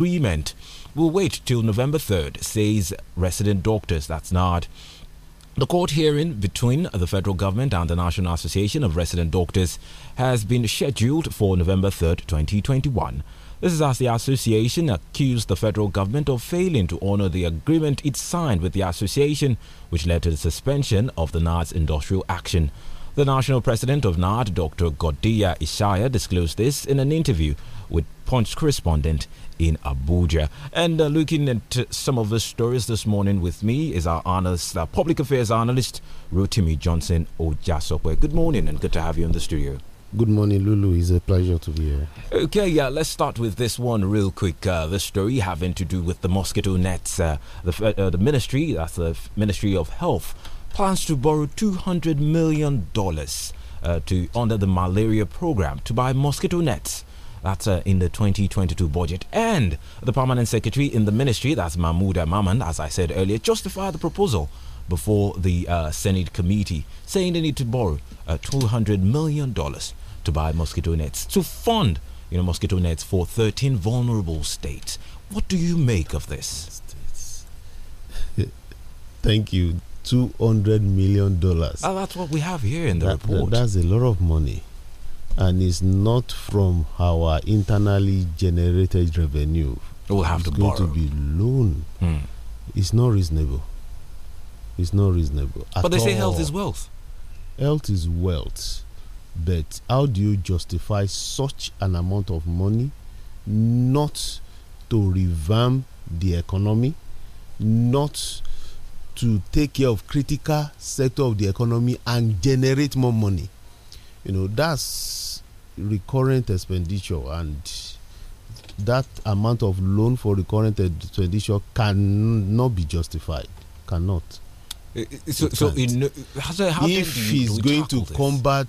agreement we will wait till November 3rd, says resident doctors. That's NARD. The court hearing between the federal government and the National Association of Resident Doctors has been scheduled for November 3rd, 2021. This is as the association accused the federal government of failing to honor the agreement it signed with the association, which led to the suspension of the Nard's industrial action. The national president of Nard, Dr. Godia Ishaya, disclosed this in an interview with Punch correspondent in Abuja. And uh, looking at some of the stories this morning with me is our honest, uh, public affairs analyst, Rotimi Johnson Ojasope. Good morning and good to have you in the studio. Good morning, Lulu. It's a pleasure to be here. Okay, yeah, let's start with this one real quick. Uh, story having to do with the mosquito nets. Uh, the, uh, uh, the ministry, that's the Ministry of Health, plans to borrow $200 million uh, to under the malaria program to buy mosquito nets that's uh, in the 2022 budget. And the permanent secretary in the ministry, that's Mahmoud Maman, as I said earlier, justified the proposal before the uh, Senate committee, saying they need to borrow uh, $200 million to buy mosquito nets to fund you know, mosquito nets for 13 vulnerable states. What do you make of this? Thank you. $200 million. Uh, that's what we have here in the that, report. That, that's a lot of money and it's not from our internally generated revenue. Oh, we'll have it's to going borrow. to be loan. Hmm. It's not reasonable. It's not reasonable. But they all. say health is wealth. Health is wealth, but how do you justify such an amount of money not to revamp the economy, not to take care of critical sector of the economy and generate more money? you know that's recurrent expenditure and that amount of loan for recurrent expenditure cannot be justified cannot eh, eh, so, so in, uh, how, how if he's going to this? combat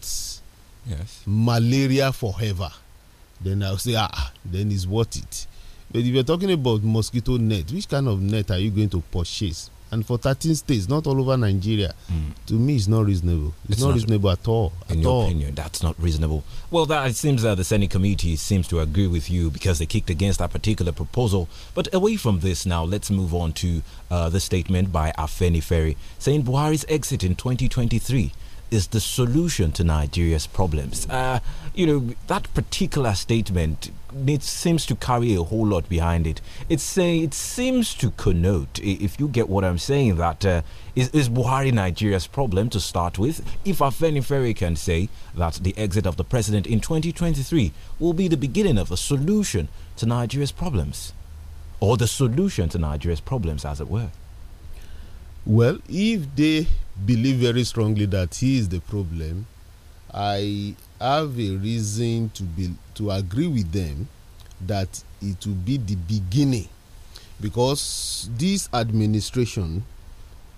yes. malaria forever then i'll say ah, ah then it's worth it but if you're talking about mosquito net which kind of net are you going to purchase and for 13 states, not all over Nigeria, mm. to me it's not reasonable. It's, it's not, not, reasonable at all. In at your all. opinion, that's not reasonable. Well, that it seems that the Senate committee seems to agree with you because they kicked against that particular proposal. But away from this now, let's move on to uh, the statement by Afeni Ferry saying Buhari's exit in 2023 is the solution to Nigeria's problems. Uh, you know, that particular statement it seems to carry a whole lot behind it. It's saying uh, it seems to connote, if you get what I'm saying, that uh, is, is Buhari Nigeria's problem to start with. If Afenifere can say that the exit of the president in 2023 will be the beginning of a solution to Nigeria's problems, or the solution to Nigeria's problems, as it were. Well, if they believe very strongly that he is the problem, I have a reason to be to agree with them that it will be the beginning because this administration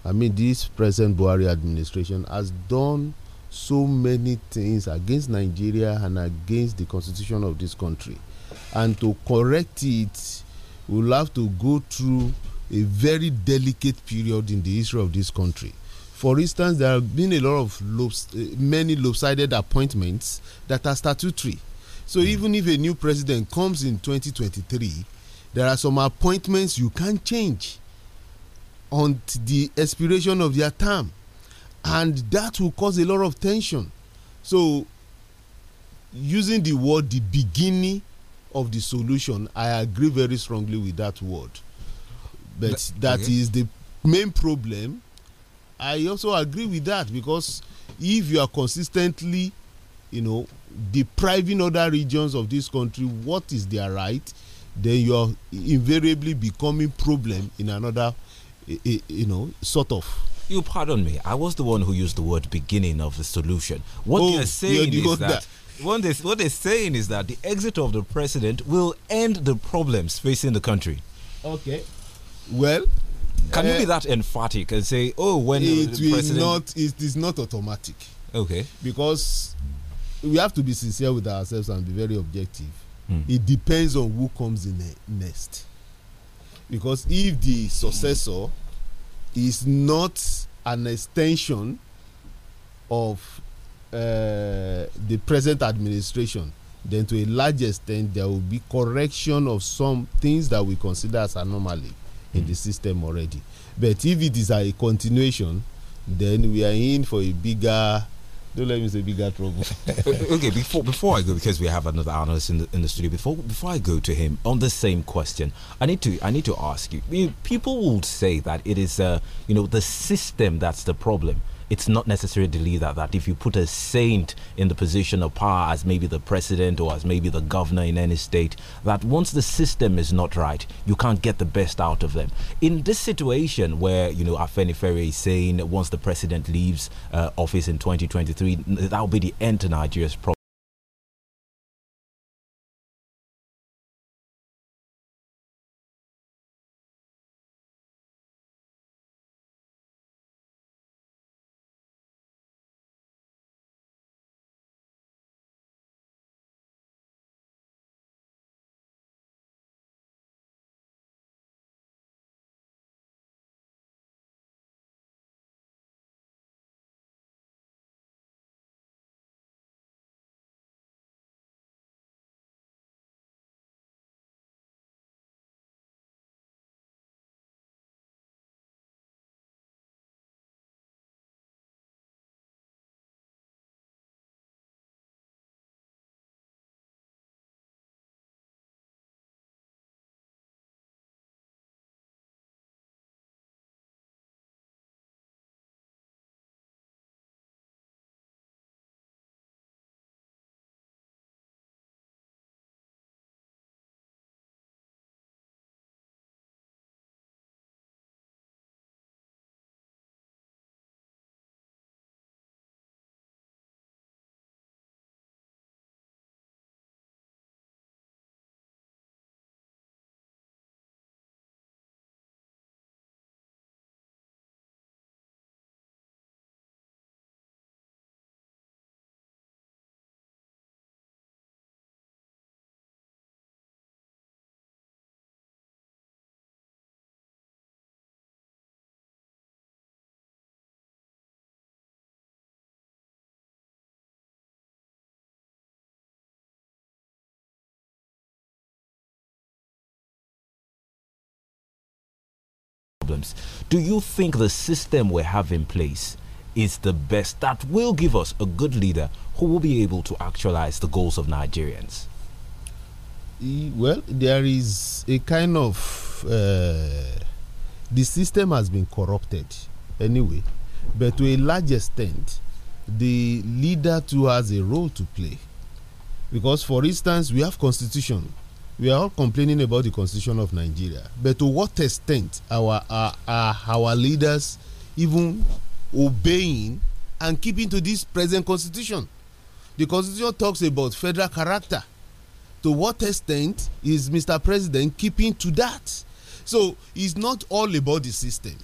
i mean this present buhari administration has done so many things against nigeria and against the constitution of this country and to correct it we'll have to go through a very delicate period in the history of this country for instance, there have been a lot of eh, many lopsided appointments that are statutory. So mm. even if a new president comes in 2023, there are some appointments you can't change on the expiration of their term. And that will cause a lot of tension. So using the word the beginning of the solution, I agree very strongly with that word. But that is that okay. is the main problem I also agree with that because if you are consistently, you know, depriving other regions of this country what is their right, then you are invariably becoming problem in another, you know, sort of. You pardon me. I was the one who used the word beginning of the solution. What oh, they're saying yeah, is that, that what they what they're saying is that the exit of the president will end the problems facing the country. Okay. Well, can you eh, be that emphatic and say, "Oh, when it the president not it is not automatic." Okay. Because we have to be sincere with ourselves and be very objective. Hmm. It depends on who comes in the next. Because if the successor is not an extension of uh, the present administration, then to a large extent there will be correction of some things that we consider as anomaly in the system already. But if it is a continuation, then we are in for a bigger don't let me say bigger trouble. okay, before before I go, because we have another analyst in the, in the studio. Before before I go to him on the same question, I need to I need to ask you. people would say that it is uh, you know the system that's the problem it's not necessarily necessarily that that if you put a saint in the position of power as maybe the president or as maybe the governor in any state, that once the system is not right, you can't get the best out of them. In this situation where, you know, Afeni Ferry is saying once the president leaves uh, office in 2023, that'll be the end to Nigeria's problem problems. Do you think the system we have in place is the best that will give us a good leader who will be able to actualize the goals of Nigerians? Well, there is a kind of uh, the system has been corrupted anyway, but to a large extent, the leader too has a role to play. Because, for instance, we have constitution we are all complaining about the constitution of Nigeria, but to what extent our are our leaders even obeying and keeping to this present constitution? The constitution talks about federal character. To what extent is Mr. President keeping to that? So it's not all about the system.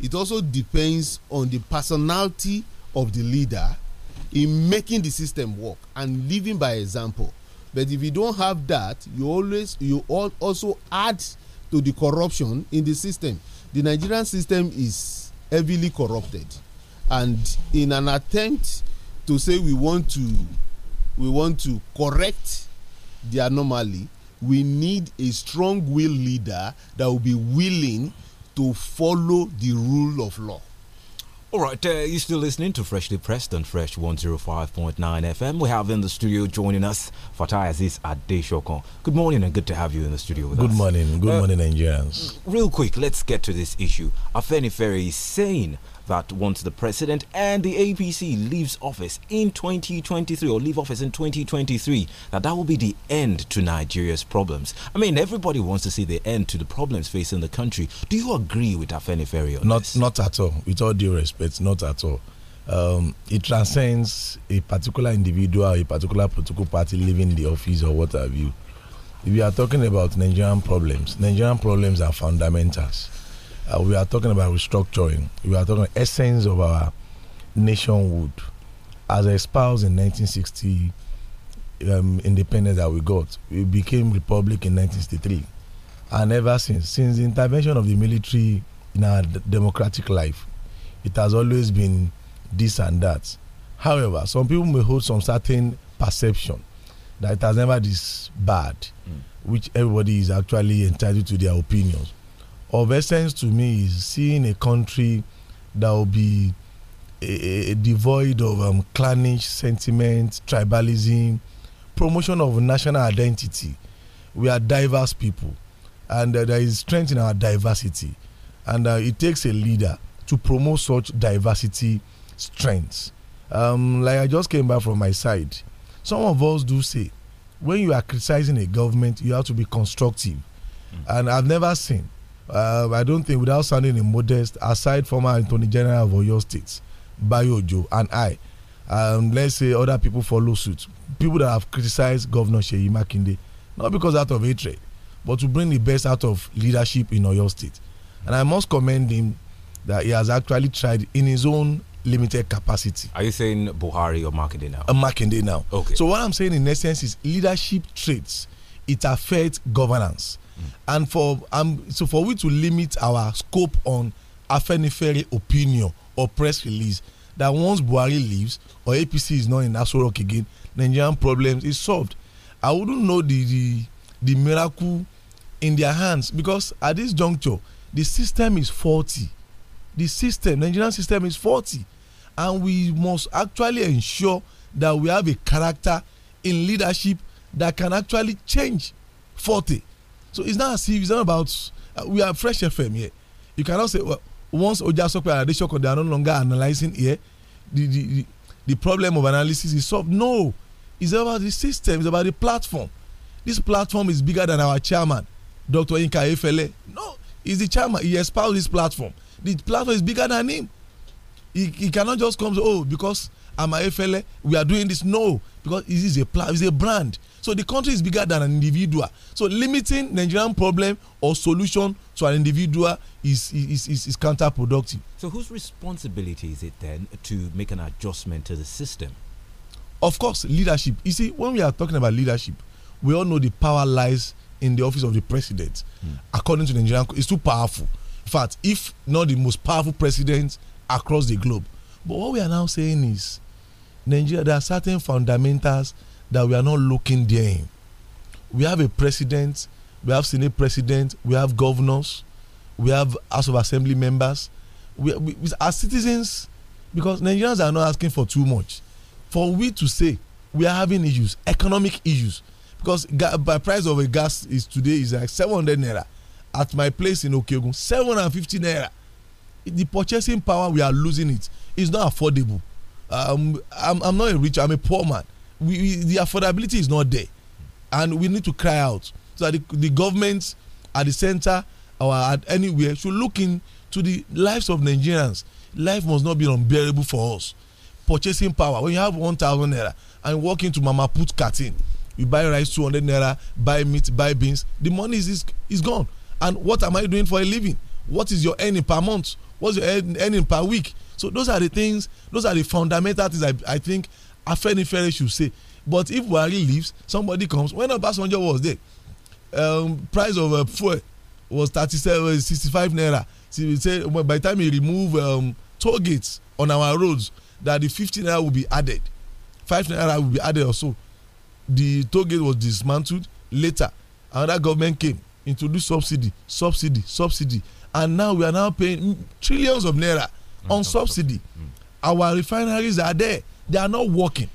It also depends on the personality of the leader in making the system work and living by example but if you don't have that you always you all also add to the corruption in the system the nigerian system is heavily corrupted and in an attempt to say we want to we want to correct the anomaly we need a strong will leader that will be willing to follow the rule of law all right, uh, you're still listening to Freshly Pressed on Fresh 105.9 FM. We have in the studio joining us Fatah Aziz Adeshokon. Good morning and good to have you in the studio with good us. Good morning, good uh, morning, Nigerians. Real quick, let's get to this issue. Afeni Ferry is saying that once the president and the APC leaves office in 2023 or leave office in 2023, that that will be the end to Nigeria's problems. I mean, everybody wants to see the end to the problems facing the country. Do you agree with Afeni Ferry on not, this? Not at all. With all due respect, not at all. Um, it transcends a particular individual, a particular political party leaving the office or what have you. If you are talking about Nigerian problems, Nigerian problems are fundamentals uh, we are talking about restructuring. We are talking essence of our nationhood as espoused in 1960 um, independence that we got. We became republic in 1963, and ever since, since the intervention of the military in our democratic life, it has always been this and that. However, some people may hold some certain perception that it has never this bad, mm. which everybody is actually entitled to their opinions of essence to me is seeing a country that will be a, a devoid of um, clannish sentiment, tribalism, promotion of national identity. We are diverse people, and uh, there is strength in our diversity. And uh, it takes a leader to promote such diversity strengths. Um, like I just came back from my side, some of us do say, when you are criticizing a government, you have to be constructive. Mm. And I've never seen uh, I don't think, without sounding immodest, aside former Attorney General of Oyo State, Bayojo, and I, um, let's say other people follow suit. People that have criticized Governor Sheyi Makinde, not because out of hatred, but to bring the best out of leadership in Oyo State. And I must commend him that he has actually tried in his own limited capacity. Are you saying Buhari or Makinde now? Uh, Makinde now. Okay. So what I'm saying in essence is leadership traits. It affects governance and for um, so for we to limit our scope on afenifere opinion or press release that once buhari leaves or apc is not in aso rock again nigerian problems is solved i wouldn't know the the the miracle in their hands because at this juncture the system is faulty the system nigerian system is faulty and we must actually ensure that we have a character in leadership that can actually change faulty so it's not as if it's not about uh, we are fresh fm here you cannot say well, once ojasope and adesoko they are no longer analysing here the, the the the problem of analysis is solved no it's about the system it's about the platform this platform is bigger than our chairman dr inka efele no he's the chairman he espoused this platform the platform is bigger than him he, he cannot just come oh because i'm a fele we are doing this no because it is a plan it is a brand so the country is bigger than an individual so limiting nigerian problem or solution to an individual is is is, is counterproductive. so whose responsibility is it then to make an adjustment to the system. of course leadership you see when we are talking about leadership we all know the power lies in the office of the president mm. according to nigerian it's too powerful in fact if not the most powerful president across the globe. But what we are now saying is, Nigeria, there are certain fundamentals that we are not looking there in. We have a president, we have senate president, we have governors, we have House of Assembly members. We, we, as citizens, because Nigerians are not asking for too much. For we to say we are having issues, economic issues, because the price of a gas is today is like 700 naira. At my place in Okigun, 750 naira the purchasing power we are losing it is not affordable um, I'm, I'm not a rich I'm a poor man we, we, the affordability is not there and we need to cry out so that the, the government at the center or at anywhere should look into the lives of Nigerians life must not be unbearable for us purchasing power when you have one thousand naira and walk into mama put carton you buy rice two hundred naira buy meat buy beans the money is is, is gone and what am I doing for a living what is your earning per month what's your earning per week so those are the things those are the fundamental things i, I think afenifere should say but if buhari leaves somebody comes when obasanjo was there um, price of uh, fuel was thirty-seven uh, sixty-five naira so we say by the time we remove um, toll gates on our roads that the fifty naira will be added five naira will be added or so. the toll gate was dismantled later another government came introduced subsidy subsidy subsidy and now we are now paying trillions of naira mm, on subsidy. Mm. Our refineries are there; they are not working.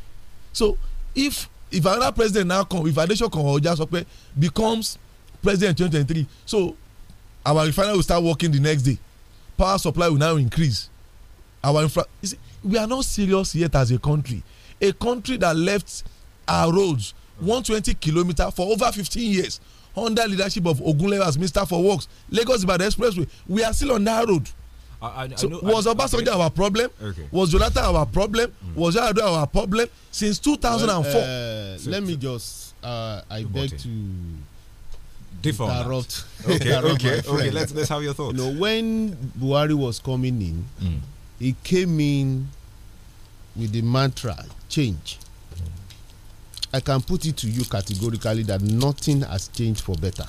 So if if another president now come, if Adesho becomes president in 2023, so our refinery will start working the next day. Power supply will now increase. Our infra see, we are not serious yet as a country. A country that left our roads mm. 120 kilometer for over 15 years under leadership of Ogunlewe as Minister for Works, Lagos Ibadan Expressway, we are still on that road. I, I, so I know, was Obasanjo okay. our problem? Okay. Was Jonathan our problem? Mm. Was Yaradu our problem since 2004? Well, uh, so, let so, me just, uh, I beg to differ. Interrupt. Okay, okay, okay. Let's let's have your thoughts. You know, when Buhari was coming in, mm. he came in with the mantra change. I can put it to you categorically that nothing has changed for better.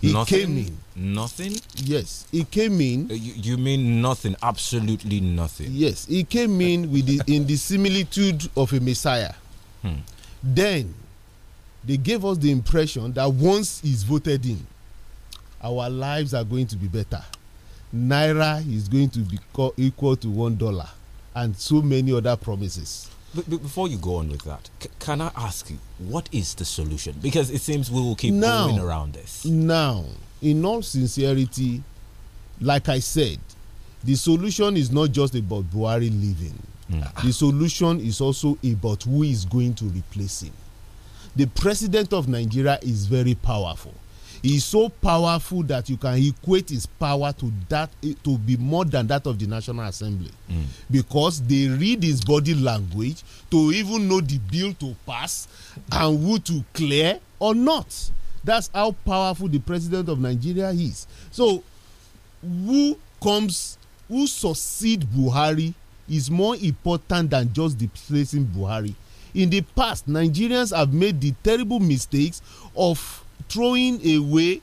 He nothing, came in. Nothing? Yes. He came in. Uh, you, you, mean nothing? Absolutely nothing. Yes. He came in with the, in the similitude of a Messiah. Hmm. Then they gave us the impression that once he's voted in, our lives are going to be better. Naira is going to be equal to one dollar and so many other promises. But, before you go on with that, c- can I ask you what is the solution? Because it seems we will keep now, going around this. Now, in all sincerity, like I said, the solution is not just about Buhari leaving. Mm. The solution is also about who is going to replace him. The president of Nigeria is very powerful. is so powerful that you can equate his power to that to be more than that of the National Assembly mm. because they read his body language to even know the bill to pass and who to clear or not that's how powerful the president of Nigeria is so who comes who succeed Buhari is more important than just displacing Buhari in the past Nigerians have made the terrible mistakes of throwing away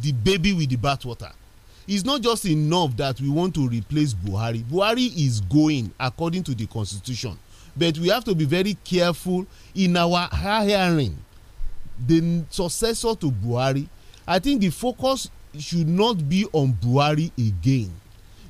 the baby with the bathwater it's not just enough that we want to replace buhari buhari is going according to the constitution but we have to be very careful in our hiring the successor to buhari i think the focus should not be on buhari again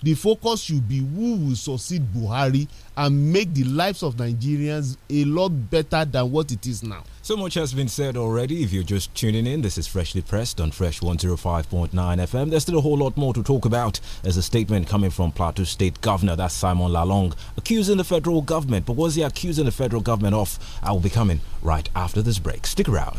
the focus should be who will succeed buhari and make the lives of nigerians a lot better than what it is now So much has been said already. If you're just tuning in, this is Freshly Pressed on Fresh 105.9 FM. There's still a whole lot more to talk about. There's a statement coming from Plateau State Governor, that's Simon Lalong, accusing the federal government. But was he accusing the federal government of? I will be coming right after this break. Stick around.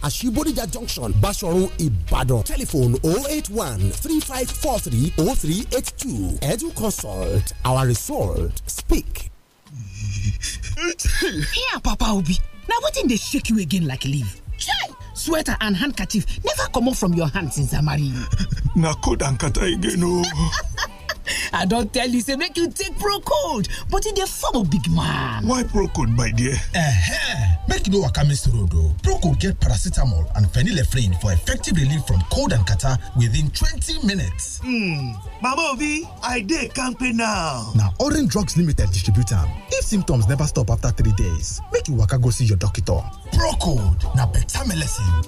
Ashibodija junction Bashoru, Ibadan telephone 081 3543 0382 Edu consult our Resort speak. Here Papa Obi what in the shake you again like leave? Chai! Sweater and handkerchief never come off from your hands since I marry you. Na cold and kata again o. Oh. i don't tell you say make you take Procode, but in the form of big man why Procode, my dear? eh make you no waka miss road o oh. get paracetamol and phenylephrine for effective relief from cold and catarrh within 20 minutes hmm mama Ovi, i dey campaign now Now orange drugs limited distributor. if symptoms never stop after three days make you waka go see your doctor Now procold na beta melecine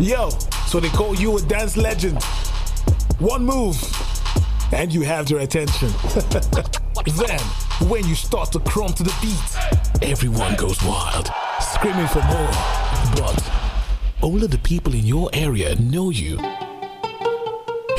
Yo, so they call you a dance legend. One move, and you have their attention. then, when you start to crumb to the beat, everyone goes wild, screaming for more. But all of the people in your area know you.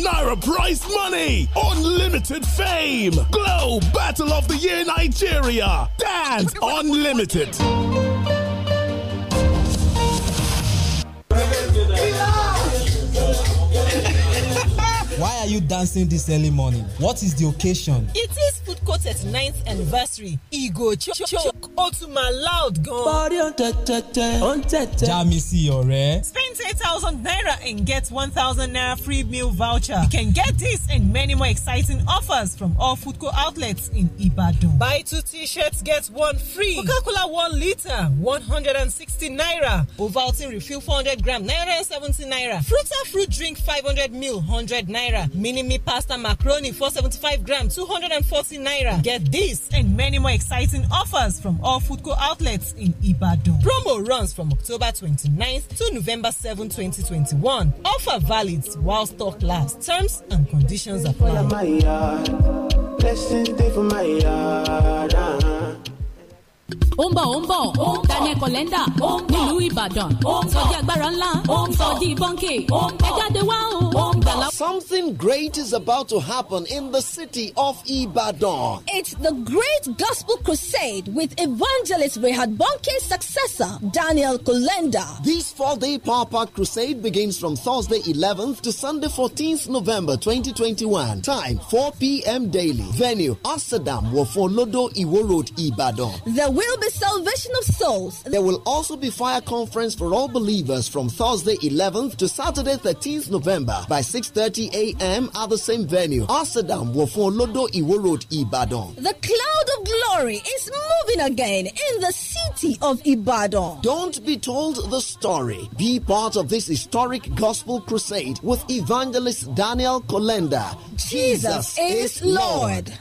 Naira prize money, unlimited fame, Glow Battle of the Year Nigeria, Dance Unlimited. Why are you dancing this early morning? What is the occasion? It is Food Court's ninth anniversary. Ego ch choke, choke, Otuma loud gun. Party on tete, on tete. Jamisi, ọ̀rẹ́. 28,000 naira and get 1,000 naira free meal voucher. You can get this and many more exciting offers from all Foodco outlets in Ibadan. Buy two t-shirts, get one free. Coca-Cola 1 liter, 160 naira. Ovaltine refill 400 gram, naira 70 naira. and fruit drink 500 mil, 100 naira. Mini me pasta macaroni 475 gram, 240 naira. Get this and many more exciting offers from all Foodco outlets in Ibadan. Promo runs from October 29th to November 7, 2021. Offer valid while stock lasts. Terms and conditions apply ó ń bọ̀ ó ń bọ̀ Daniel Kolenda nílùú Ìbàdàn agbára ńlá bọ́ńkì ẹ jáde wá Something great is about to happen in the city of Ibadan. It's the Great Gospel Crusade with evangelist Rehad Bonke's successor, Daniel Kolenda. This four-day power-packed crusade begins from Thursday 11th to Sunday 14th November 2021. Time 4 p.m. daily. Venue, Amsterdam, Wofolodo, Iwo Road, Ibadan. The will be salvation of souls. There will also be fire conference for all believers from Thursday 11th to Saturday 13th November by 6:30 a.m. at the same venue. Asadam Wofun Iwo Road, Ibadan. The cloud of glory is moving again in the city of Ibadan. Don't be told the story. Be part of this historic gospel crusade with evangelist Daniel Kolenda. Jesus, Jesus is Lord. Lord.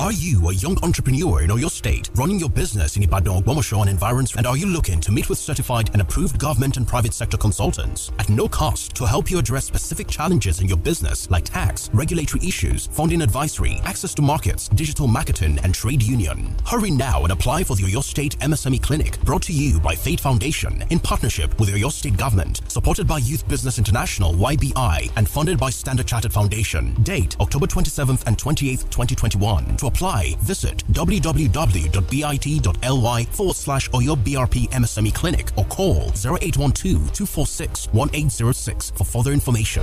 Are you a young entrepreneur in your state running your business in Ibadan, Ogbomoso and environs? And are you looking to meet with certified and approved government and private sector consultants at no cost to help you address specific challenges in your business like tax, regulatory issues, funding advisory, access to markets, digital marketing, and trade union? Hurry now and apply for the your State MSME Clinic brought to you by Fate Foundation in partnership with your State Government, supported by Youth Business International YBI and funded by Standard Chartered Foundation. Date October 27th and 28th, 2021. To apply, visit www.bit.ly forward slash or your BRP MSME clinic or call 0812 246 1806 for further information.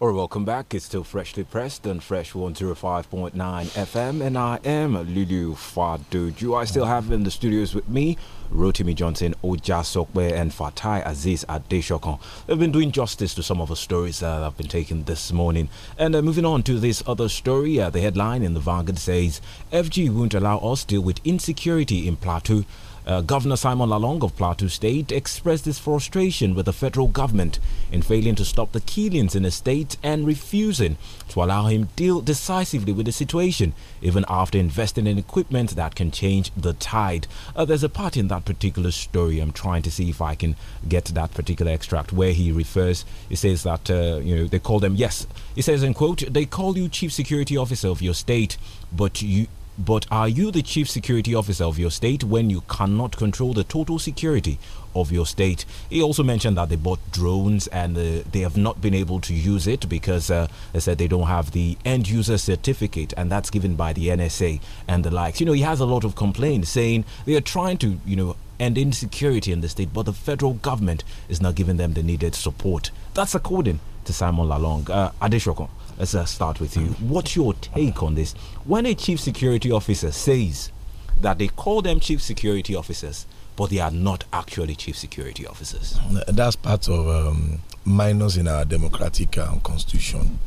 All right, welcome back. It's still freshly pressed and fresh 105.9 FM, and I am Lulu Fadoju. I still have in the studios with me Rotimi Johnson, Oja Sokwe, and Fatai Aziz Adeshokon. They've been doing justice to some of the stories that have been taken this morning. And uh, moving on to this other story, uh, the headline in the Vanguard says, FG won't allow us deal with insecurity in Plateau. Uh, Governor Simon Lalong of Plateau State expressed his frustration with the federal government in failing to stop the killings in the state and refusing to allow him deal decisively with the situation, even after investing in equipment that can change the tide. Uh, there's a part in that particular story. I'm trying to see if I can get that particular extract where he refers. He says that uh, you know they call them yes. He says in quote, they call you chief security officer of your state, but you but are you the chief security officer of your state when you cannot control the total security of your state? He also mentioned that they bought drones and uh, they have not been able to use it because uh, they said they don't have the end user certificate, and that's given by the NSA and the likes. You know, he has a lot of complaints saying they are trying to, you know, and insecurity in the state, but the federal government is not giving them the needed support. That's according to Simon Lalong. Uh, Adeshokon let's uh, start with you. What's your take on this? When a chief security officer says that they call them chief security officers, but they are not actually chief security officers. That's part of um, minors in our democratic uh, constitution.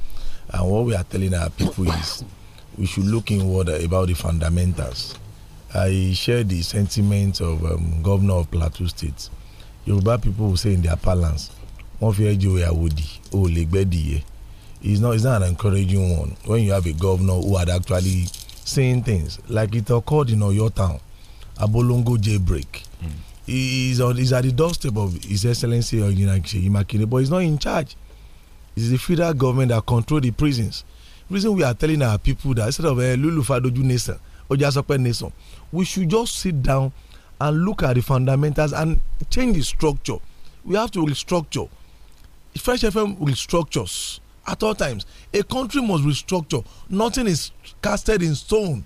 And what we are telling our people is we should look inward about the fundamentals. I share the sentiment of um, Governor of Plateau State. Yoruba people will say in their parlance, ó it's not, is not an encouraging one when you have a governor who had actually saying things like it occurred in your town, Abolongo jailbreak. Mm. He is on, he's at the doorstep of His Excellency Imakine, but he's not in charge. It's the federal government that control the prisons. Reason we are telling our people that instead of uh, Lulu Fadoju Nation or Jasope Nation, we should just sit down and look at the fundamentals and change the structure. We have to restructure. Fresh FM restructures at all times. A country must restructure. Nothing is casted in stone.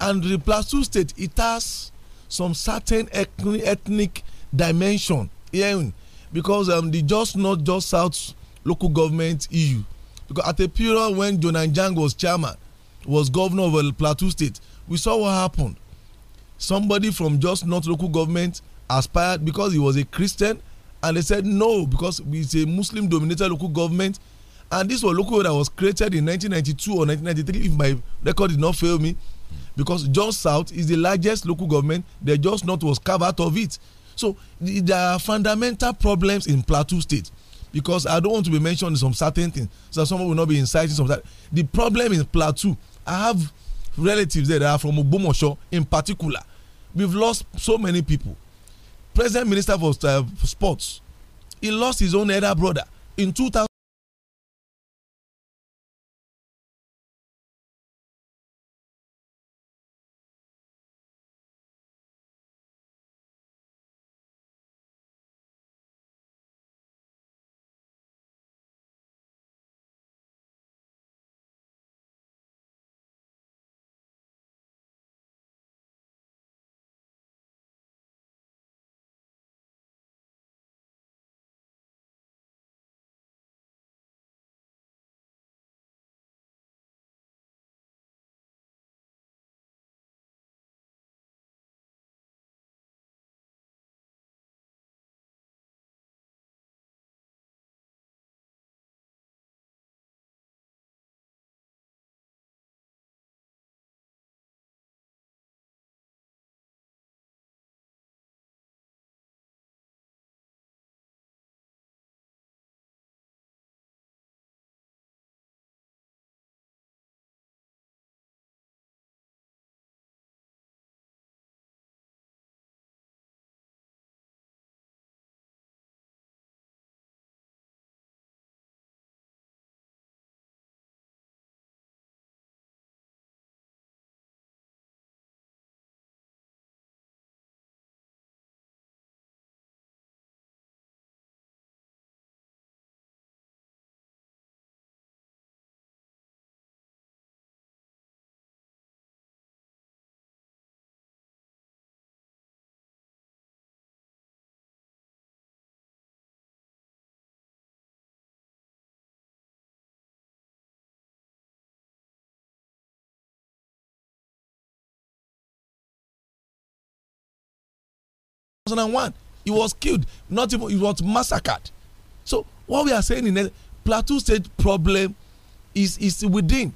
And the Plateau state, it has some certain ethnic, ethnic dimension yeah, because um, the just not just south local government issue. Because at a period when Jonan Jang was chairman, was governor of Plateau state, we saw what happened. Somebody from just not local government aspired because he was a Christian and they said no because it's a muslim dominated local government and this was local that was created in 1992 or 1993 if my record did not fail me because just south is the largest local government they just not was carved out of it so the, there are fundamental problems in plateau state because i don't want to be mentioned some certain things so someone will not be inciting some that the problem in plateau i have relatives there that are from ogbomosho in particular we've lost so many people president minister for uh, sports he lost his own elder brother in 2000 2001. He was killed. Not even, he was massacred. So what we are saying in the plateau state problem is is within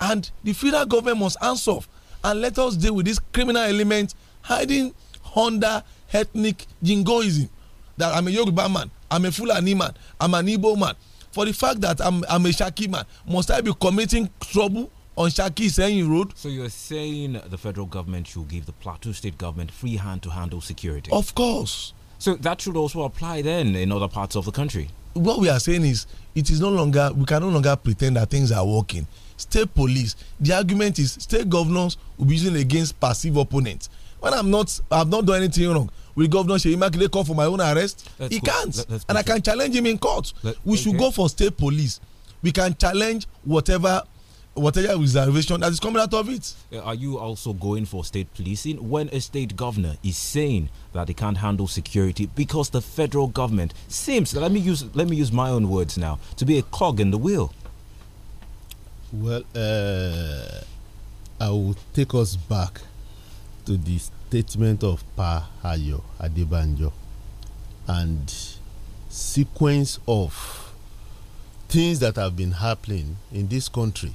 and the federal government must answer and let us deal with this criminal element hiding under ethnic jingoism that i'm a yoruba man i'm a fulani man i'm an igbo man for the fact that i'm i'm a shaki man must i be committing trouble on Shaki Seyin Road. So you're saying the federal government should give the Plateau state government free hand to handle security? Of course. So that should also apply then in other parts of the country. What we are saying is it is no longer we can no longer pretend that things are working. State police, the argument is state governors will be using against passive opponents. When I'm not I've not done anything wrong. Will Governor Sheyi call for my own arrest? he can't. and I can challenge him in court. we okay. should go for state police. We can challenge whatever whatever reservation that is coming out of it. Uh, are you also going for state policing when a state governor is saying that he can't handle security because the federal government seems let me use let me use my own words now to be a cog in the wheel? Well, uh, I will take us back to the statement of Pa Hayo Adebanjo and sequence of things that have been happening in this country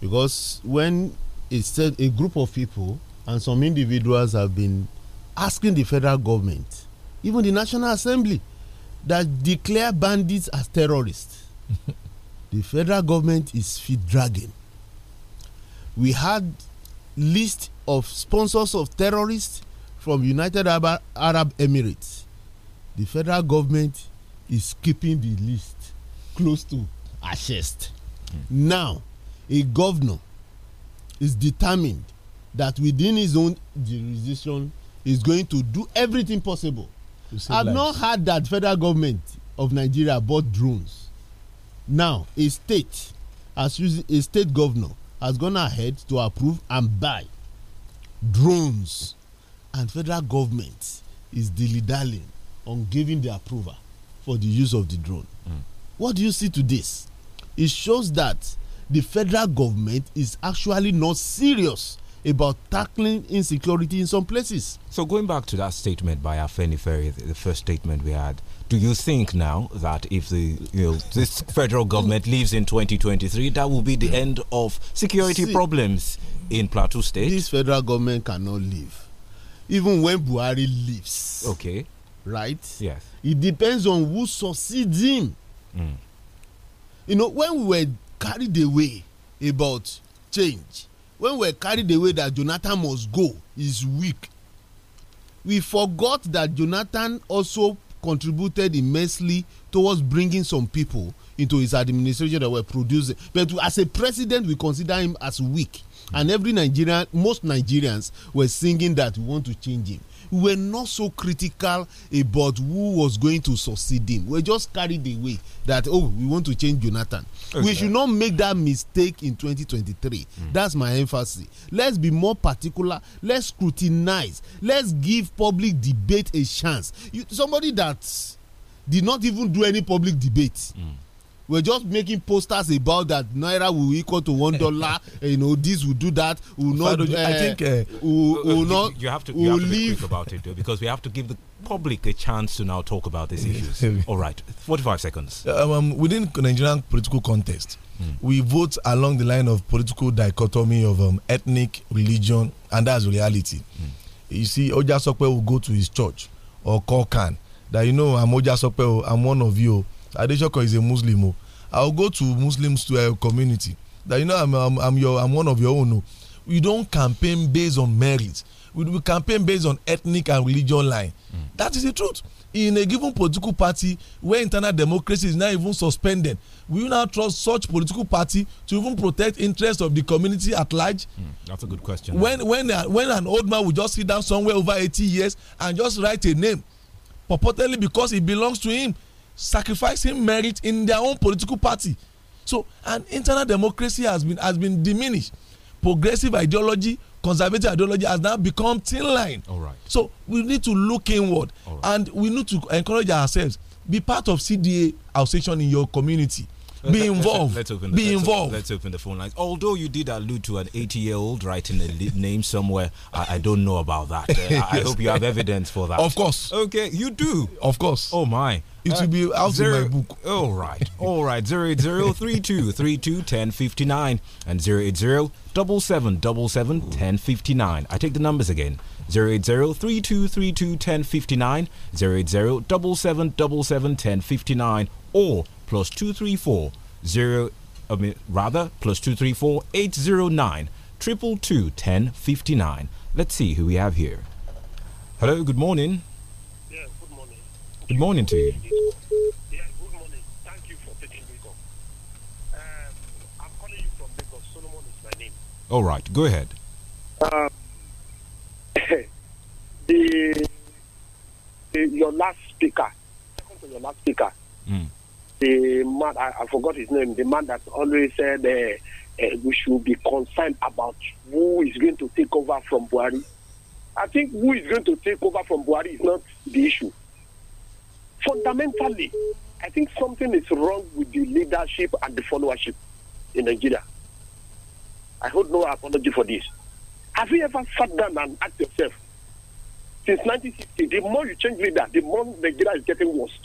because when it's a group of people and some individuals have been asking the federal government even the national assembly that declare bandits as terrorists the federal government is feet dragging we had list of sponsors of terrorists from united arab, arab emirates the federal government is keeping the list close to our chest mm. now a governor is determined that within his own jurisdiction is going to do everything possible. I've lives. not heard that federal government of Nigeria bought drones. Now a state has used a state governor has gone ahead to approve and buy drones and federal government is dilly-dallying on giving the approval for the use of the drone. Mm. What do you see to this? It shows that the federal government is actually not serious about tackling insecurity in some places. So, going back to that statement by Afeni Ferry, the first statement we had, do you think now that if the you know, this federal government leaves in 2023, that will be the end of security See, problems in Plateau State? This federal government cannot leave, even when Buhari leaves. Okay. Right. Yes. It depends on who succeeds him. Mm. You know, when we were carried away about change when we are carried away that jonathan must go is weak we forgot that jonathan also contributed immensely towards bringing some people into his administration that were producing but as a president we consider him as weak and every nigerian most nigerians were singing that we want to change him we were not so critical about who was going to succeed him. We just carried away that, oh, we want to change Jonathan. Okay. We should not make that mistake in 2023. Mm. That's my emphasis. Let's be more particular. Let's scrutinize. Let's give public debate a chance. You, somebody that did not even do any public debate. Mm we're just making posters about that naira will equal to one dollar you know this will do that will not uh, i eh, think uh, will, will not you have to you have to be quick about it because we have to give the public a chance to now talk about these issues all right 45 seconds uh, um, within nigerian political context mm. we vote along the line of political dichotomy of um, ethnic religion and that's reality mm. you see oja sokpe will go to his church or call can that you know i'm oja sokpe oh, i'm one of you oh. Adeshoko is a Muslim. I'll go to Muslims to eh, a community that you know I'm, I'm, I'm your I'm one of your own. We don't campaign based on merit. We, we campaign based on ethnic and religion line. Mm. That is the truth. In a given political party where internal democracy is not even suspended, we now trust such political party to even protect interests of the community at large? Mm. that's a good question. When when uh, when an old man will just sit down somewhere over 80 years and just write a name, purportedly because it belongs to him sacrificing merit in their own political party so an internal democracy has been has been diminished progressive ideology conservative ideology has now become thin line all right so we need to look inward right. and we need to encourage ourselves be part of cda association in your community be involved. Let's open the, be let's involved. Open, let's open the phone lines. Although you did allude to an 80 year old writing a name somewhere, I, I, don't know about that. Uh, yes. I hope you have evidence for that. Of course. Okay, you do. Of course. Oh my. It will be uh, out zero, in my book. All right, all right. Zero eight zero three two three two ten fifty nine and zero eight zero double seven double seven ten fifty nine. I take the numbers again. 080-3232-1059, 080-777-1059, or plus 234 zero, I mean, rather plus 234 809 triple two ten fifty nine. Let's see who we have here. Hello, good morning. Good morning to you. Yeah, good morning. Thank you for taking me call. Um, I'm calling you from Lagos. Solomon is my name. All right, go ahead. Um, the, the, your last speaker, second to your last speaker, mm. the man I, I, forgot his name, the man that always said uh, uh, we should be concerned about who is going to take over from Buhari. I think who is going to take over from Buhari is not the issue fundamentally, I think something is wrong with the leadership and the followership in Nigeria. I hold no apology for this. Have you ever sat down and asked yourself, since 1960, the more you change leader, the more Nigeria is getting worse?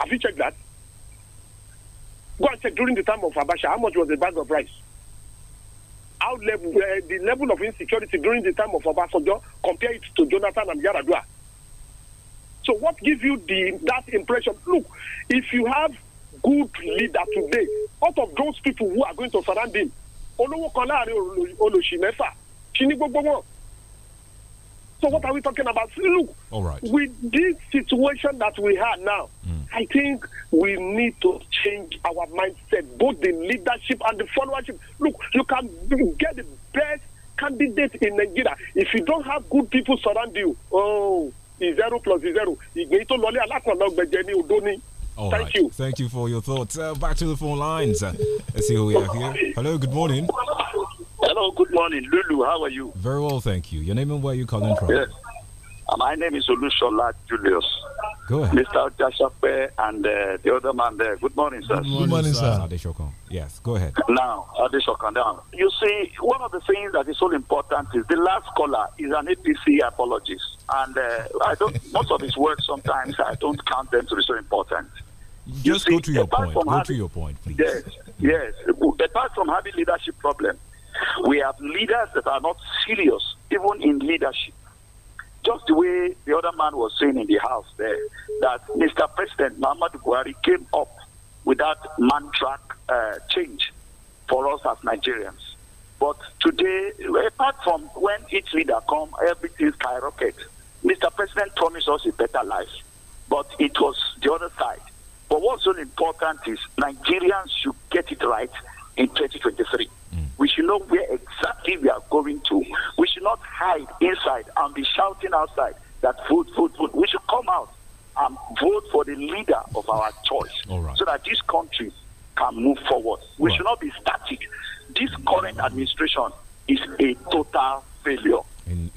Have you checked that? Go and check during the time of Abacha, how much was the bag of rice? How level, uh, the level of insecurity during the time of Obasanjo, compare it to Jonathan and Yaradua. So what gives you the that impression? Look, if you have good leader today, out of those people who are going to surround him, So what are we talking about? Look, All right. with this situation that we have now, mm. I think we need to change our mindset, both the leadership and the followership. Look, you can get the best candidate in Nigeria. If you don't have good people surrounding you, oh, zero plus zero ìgbé tó alákànlọ́gbẹ̀jẹ ní odó ní. All thank right. you. Thank you for your thoughts. Uh, back to the phone lines. Uh, let's see who we have here. Hello, good morning. Hello, good morning. Lulu, how are you? Very well, thank you. Your name and where are you calling from? Yes. Uh, my name is Olushola Julius. Go ahead. Mr. Jashape and uh, the other man there. Good morning, sir. Good morning, Good morning sir. Adeshokan. Yes, go ahead. Now, Adeshokan, now. You see, one of the things that is so important is the last caller is an APC apologist. And uh, I don't, most of his words sometimes, I don't count them to be so important. You Just see, go to your point. Go having, to your point, please. Yes, yes. Apart from having leadership problem, we have leaders that are not serious, even in leadership just the way the other man was saying in the house there, that Mr. President Muhammad Buhari came up with that mantra uh, change for us as Nigerians. But today, apart from when each leader come, everything skyrockets. Mr. President promised us a better life, but it was the other side. But what's so important is Nigerians should get it right in 2023. Mm. We should know where exactly we are going to. We should not hide inside and be shouting outside that vote, vote, vote. We should come out and vote for the leader of our choice so that this country can move forward. We right. should not be static. This current administration is a total failure.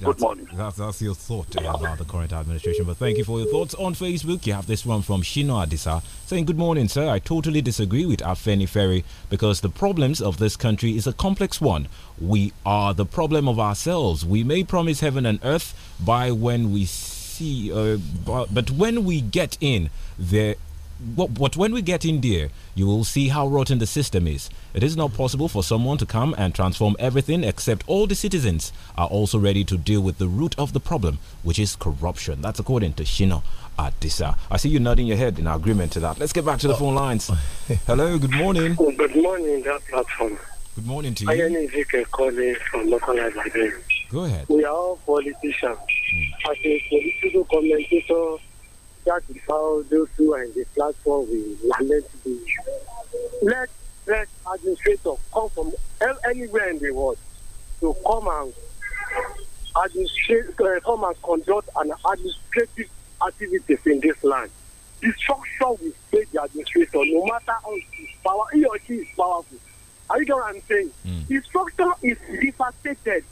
Good morning. That's, that's your thought about the current administration. But thank you for your thoughts. On Facebook, you have this one from Shino Adisa saying, Good morning, sir. I totally disagree with Afeni Ferry because the problems of this country is a complex one. We are the problem of ourselves. We may promise heaven and earth by when we see, uh, but when we get in, there but, when we get in there, you will see how rotten the system is. It is not possible for someone to come and transform everything, except all the citizens are also ready to deal with the root of the problem, which is corruption. That's according to Shino Adisa. I see you nodding your head in agreement to that. Let's get back to the phone lines. Hello, good morning. Oh, good morning, that platform. Good morning to you. I am Ezekiel calling from local Go ahead. We are all politicians. Mm. As a political commentator, that is how those who are in the platform will lament the issue. Let administrators come from anywhere in the world to come and administrate, uh, come and conduct an administrative activities in this land. The structure will play the administrator, no matter how powerful power, he or she is powerful. Are you know what I'm saying? Mm. The structure is devastated.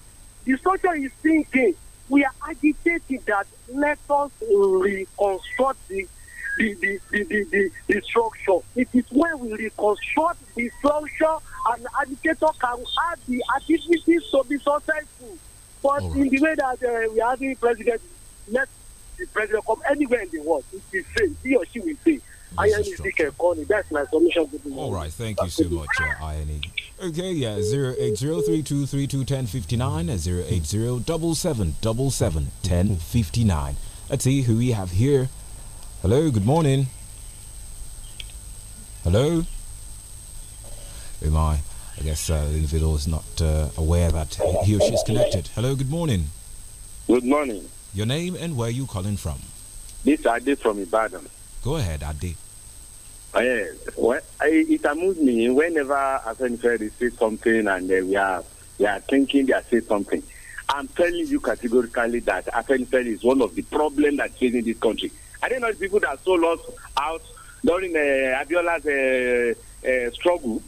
The structure is sinking we are agitating that let us reconstruct the the, the, the, the, the structure. It is when we reconstruct the structure and agitator can have the activities to be successful. But right. in the way that uh, we are having president, let the president come anywhere in the world. It is will He or she will fail. Iron is That's my submission. All right. Thank you so much, uh, Iron. Okay, yeah, 803231059 08077771059. Let's see who we have here. Hello, good morning. Hello? Am I? I guess uh, the individual is not uh, aware that he or she is connected. Hello, good morning. Good morning. Your name and where are you calling from? This did from Ibadan. Go ahead, Adi. Yeah, well, it amuses me whenever Afenifere says something and uh, we are we are thinking they are saying something. I'm telling you categorically that Afenifere is one of the problems that's facing this country. I don't know the people that sold us out during uh, Abiola's uh, uh, struggle.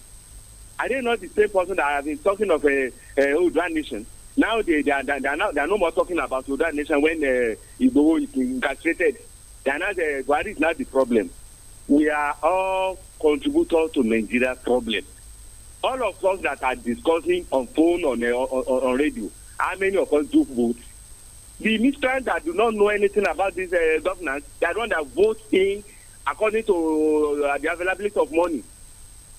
I don't know the same person that has been talking of a uh, nation. Now they, they, are, they, are not, they are no more talking about Udan nation when uh, Igbo is incarcerated. They are not, uh, Buhari is not the problem we are all contributors to Nigeria's problem. All of us that are discussing on phone, eh, on, on, on radio, how many of us do vote? The ministers that do not know anything about this uh, governance, they are the ones that vote in according to uh, the availability of money.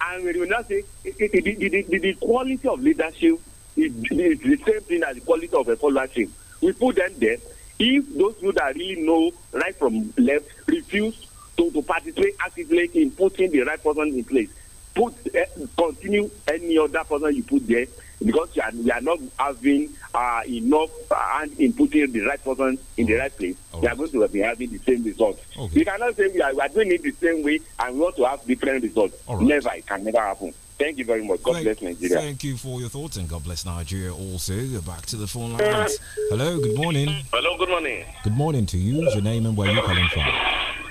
And we you not say the, the, the, the quality of leadership is, is the same thing as the quality of a followership. We put them there. If those who that really know right from left refuse to, to participate actively in putting the right person in place. Put uh, continue any other person you put there because you are, you are not having uh, enough uh, hand in putting the right person in the mm. right place. All you right. are going to be having the same result. Okay. You cannot say we are, we are, doing it the same way and we want to have different results. Right. Never, it can never happen. Thank you very much. God thank, bless Nigeria. Thank you for your thoughts and God bless Nigeria also. Back to the phone lines. Hello, good morning. Hello, good morning. Good morning to you. Your name and where you're calling from.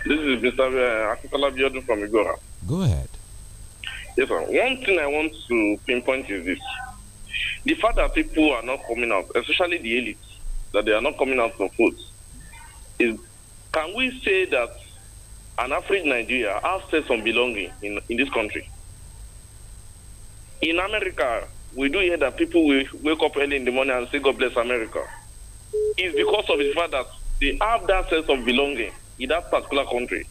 This is Mr. Uh, Akutala Biodun from Igora. Go ahead. Yes, sir. One thing I want to pinpoint is this. The fact that people are not coming out, especially the elite, that they are not coming out for food. is can we say that an African Nigeria has sense of belonging in, in this country? In America, we do hear that people will wake up early in the morning and say, God bless America. It's because of the fact that they have that sense of belonging in that particular country.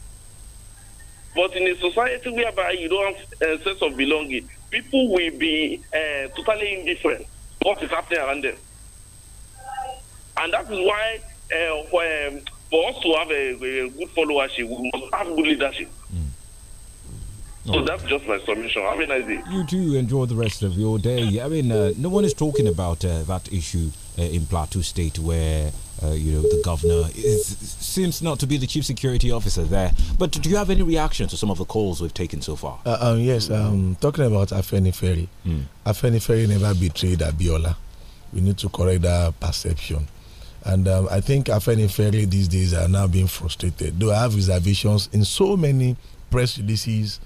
But in a society whereby you don't have a eh, sense of belonging, people will be uh, totally indifferent to what is happening around them. And that is why uh, for, um, for us to have a, a good followership, we must have good leadership. So oh. that's just my submission. Have a nice day. You too. Enjoy the rest of your day. I mean, uh, no one is talking about uh, that issue uh, in Plateau State where. Uh, you know the governor is, seems not to be the chief security officer there. But do you have any reaction to some of the calls we've taken so far? Uh, um, yes, um, talking about Afeni Ferry. Mm. Afeni Ferry never betrayed Abiola. We need to correct that perception. And um, I think Afeni Ferry these days are now being frustrated. They have reservations in so many press releases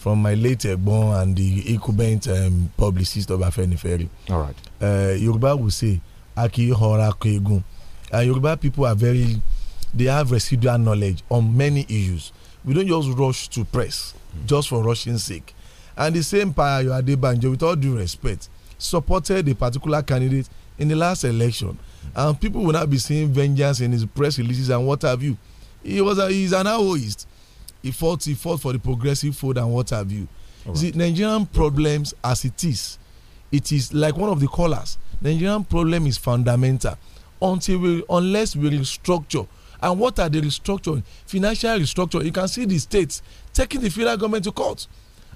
from my late Egbon and the incumbent um, publicist of Afeni Ferry, All right. Uh, Yoruba will say, Aki Hora Kegun. And uh, Yoruba people are very, they have residual knowledge on many issues. We don't just rush to press mm. just for rushing sake. And the same you are the with all due respect, supported a particular candidate in the last election. Mm. And people will not be seeing vengeance in his press releases and what have you. He was a, he's an Aoist he fought he fought for the progressive fold and what have you. Right. See, Nigerian problems as it is, it is like one of the callers. Nigerian problem is fundamental. Until we, unless we restructure, and what are the restructuring? Financial restructure. You can see the states taking the federal government to court.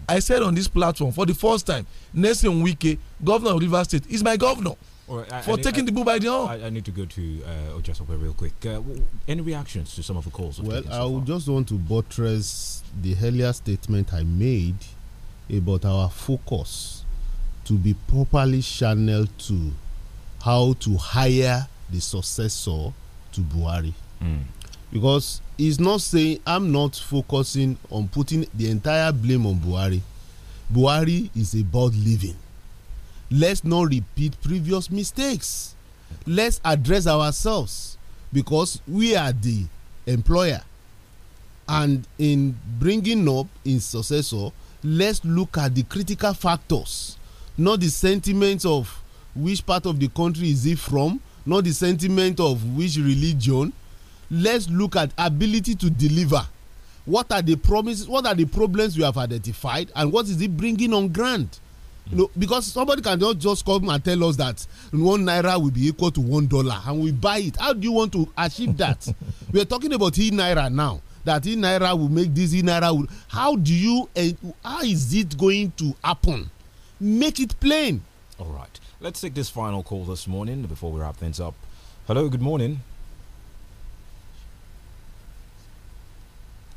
I said on this platform for the first time, Nelson Wike, governor of River State, is my governor. Right, I, for I, taking I, the bull by the horn. I, need to go to uh, Ojasope real quick. Uh, any reactions to some of the calls? Well, so I would just want to buttress the earlier statement I made about our focus to be properly channeled to how to hire the successor to Buhari. Mm. Because he's not saying I'm not focusing on putting the entire blame on Buhari. Buhari is about living let's not repeat previous mistakes let's address ourselves because we are the employer and in bringing up in successor let's look at the critical factors not the sentiment of which part of the country is it from not the sentiment of which religion let's look at ability to deliver what are the promises what are the problems we have identified and what is it bringing on ground You know, because somebody can just just come and tell us that one naira will be equal to one dollar and we buy it. How do you want to achieve that? we are talking about e naira now. That e naira will make this e naira. Will, how do you? Eh, how is it going to happen? Make it plain. All right. Let's take this final call this morning before we wrap things up. Hello. Good morning.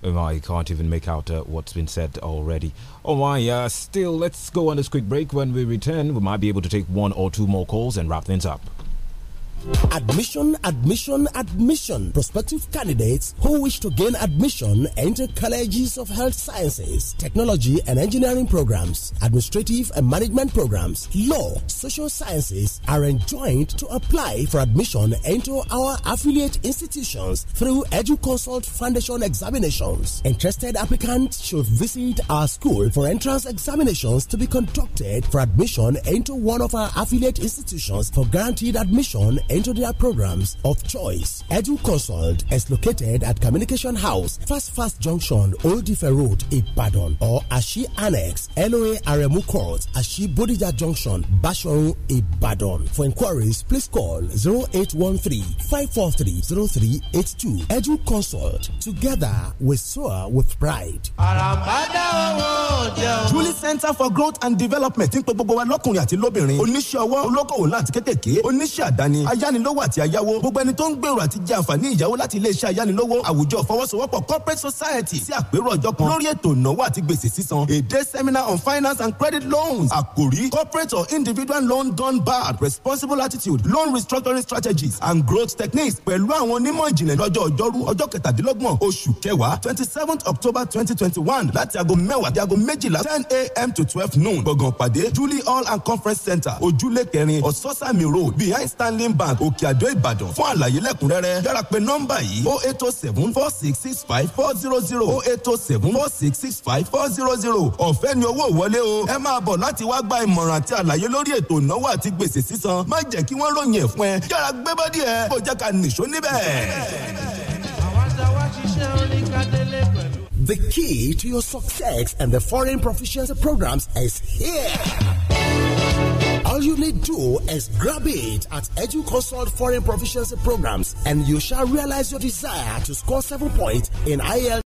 Um, I can't even make out uh, what's been said already. Oh my, uh, still, let's go on this quick break. When we return, we might be able to take one or two more calls and wrap things up. Admission, admission, admission. Prospective candidates who wish to gain admission enter colleges of health sciences, technology and engineering programs, administrative and management programs, law, social sciences are enjoined to apply for admission into our affiliate institutions through EduConsult Foundation examinations. Interested applicants should visit our school for entrance examinations to be conducted for admission into one of our affiliate institutions for guaranteed admission into into their programs of choice. Edu Consult is located at Communication House, Fast Fast Junction, Old Differ Road, Ibadan, or Ashi Annex, LOA Aremu Court, Ashi Bodija Junction, Bashorun, Ibadan. For inquiries, please call 0813 543 0382. Edu Consult, together we soar with pride. Julie Center for Growth and Development ń pe gbogbo àti lóbìnrin, oníṣẹ́ ọwọ́, olókòwò láti kékèké, oníṣẹ́ àdáni, ayánilówó àti ayáwó gbogbo ẹni tó ń gbèrò àti jẹ àǹfààní ìyàwó láti iléeṣẹ́ ayánilówó àwùjọ fọwọ́sowọ́pọ̀ corporate society sí àpérò ọjọ́ kan lórí ètò ìnáwó àti gbèsè sísan èdè seminar on finance and credit loans àkòrí corporate or individual loan done bad responsible attitude loan restructuring strategies and growth techniques pẹ̀lú àwọn onímọ̀ ìjìnlẹ̀ lọ́jọ́ ọjọ́rú ọjọ́ kẹtàdínlọ́gbọ̀n oṣù kẹwàá twenty seven october twenty twenty one láti aago mẹ́wàá di aago méjìlá ten a.m. to twelve noon gbọ̀ngàn pàdé julie hall and conference center ojúlé kẹrin ososami road behind stanley bank bank òkè àdó ìbàdàn fún àlàyé lẹ́kùnrẹ́rẹ́ yára pè nọ́mbà yìí o oh eight o oh seven four six six five four zero zero o oh eight o seven four six six five four zero zero ọ̀fẹ́ ni owó wọlé o ẹ máa bọ̀ láti wá gba ìmọ̀ràn àti àlàyé lórí ètò ìnáwó àti gbèsè sísan má jẹ́ kí wọ́n ròyìn ẹ̀ fún ẹ yára gbé bá díẹ̀ kó jẹ́ ká nìṣó níbẹ̀. The key to your success and the foreign proficiency programs is here You need do is grab it at EduConsult Foreign Proficiency Programs and you shall realize your desire to score 7 points in IELTS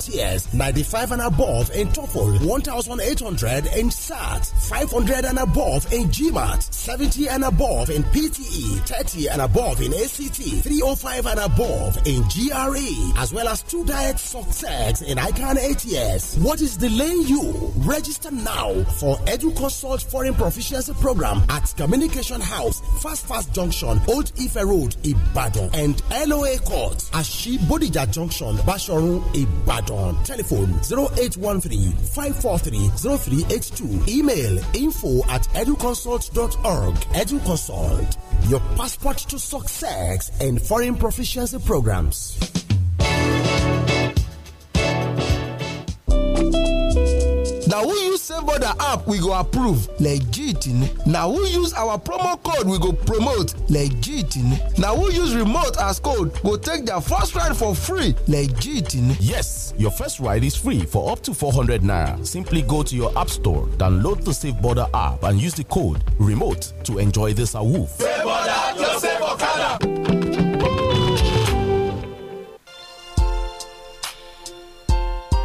tiers 95 and above in TOEFL, 1800 in SAT, 500 and above in GMAT, 70 and above in PTE, 30 and above in ACT, 305 and above in GRE, as well as two direct success in ICANN ATS. What is delaying you? Register now for EduConsult Foreign Proficiency Program at Communication House, Fast Fast Junction, Old Ife Road, Ibadan, and LOA Court, Ashi Bodija Junction, Bashorun, Ibadan on telephone 0813 543 0382. Email info at educonsult.org. Educonsult, your passport to success and foreign proficiency programs. Now who use same app we go approve legit Now who use our promo code we go promote legit Now who use remote as code go take their first ride for free legit yes your first ride is free for up to 400 naira. Simply go to your app store, download the Safe Border app, and use the code REMOTE to enjoy this awoof. Save Border, Save Okada.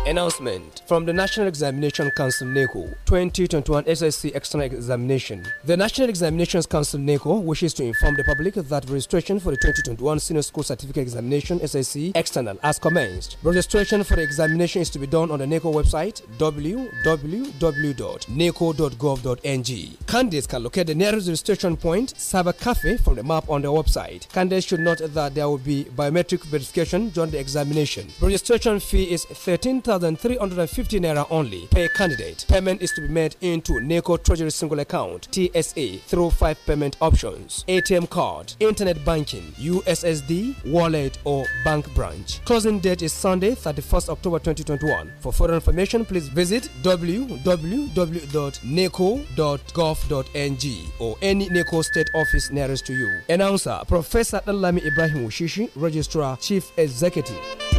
Announcement from the National Examination Council NECO 2021 SSC External Examination. The National Examinations Council NECO wishes to inform the public that registration for the 2021 Senior School Certificate Examination SSC External has commenced. Registration for the examination is to be done on the NECO website www.neco.gov.ng. Candidates can locate the nearest registration point, Cyber Cafe, from the map on the website. Candidates should note that there will be biometric verification during the examination. Registration fee is 13,000 1,350 naira only per candidate. Payment is to be made into NECO Treasury Single Account TSA through five payment options ATM card, internet banking, USSD, wallet, or bank branch. Closing date is Sunday, 31st October 2021. For further information, please visit www.neco.gov.ng or any NECO state office nearest to you. Announcer Professor Alami Ibrahim Ushishi, Registrar Chief Executive.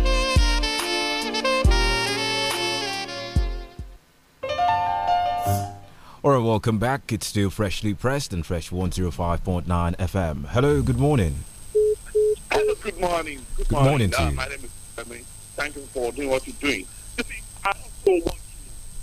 All right, welcome back. It's still freshly pressed and fresh 105.9 FM. Hello, good morning. Hello, good morning. Good, good morning, morning to uh, you. My name is Femi. Thank you for doing what you're doing. I also want to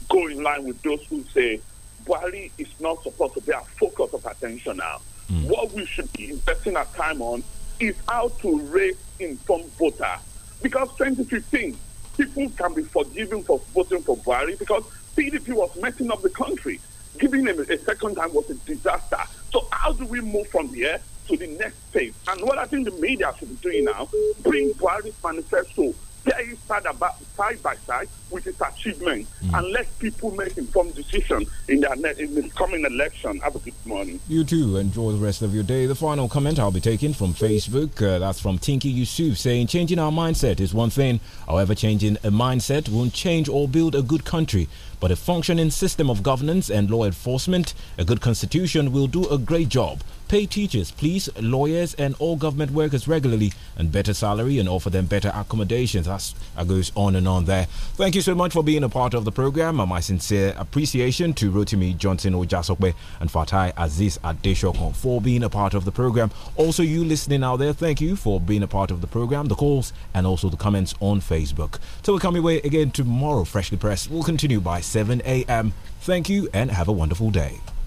go in line with those who say Bali is not supposed to be our focus of attention now. Mm. What we should be investing our time on is how to raise informed voter. Because 2015, people can be forgiven for voting for Bali because PDP was messing up the country. Giving him a second time was a disaster. So how do we move from here to the next phase? And what I think the media should be doing now, bring Buhari's manifesto there is side, about, side by side with its achievement mm. and let people make informed decisions in, the, in coming election. Have a good morning. You too. Enjoy the rest of your day. The final comment I'll be taking from Facebook, uh, that's from Tinky Yusuf, saying changing our mindset is one thing. However, changing a mindset won't change or build a good country. But a functioning system of governance and law enforcement, a good constitution will do a great job pay teachers, police, lawyers, and all government workers regularly and better salary and offer them better accommodations. That's, that goes on and on there. Thank you so much for being a part of the program. And my sincere appreciation to Rotimi Johnson Ojasokwe and Fatai Aziz Adeshokon for being a part of the program. Also, you listening out there, thank you for being a part of the program, the calls, and also the comments on Facebook. So we come your way again tomorrow, freshly pressed. We'll continue by 7 a.m. Thank you and have a wonderful day.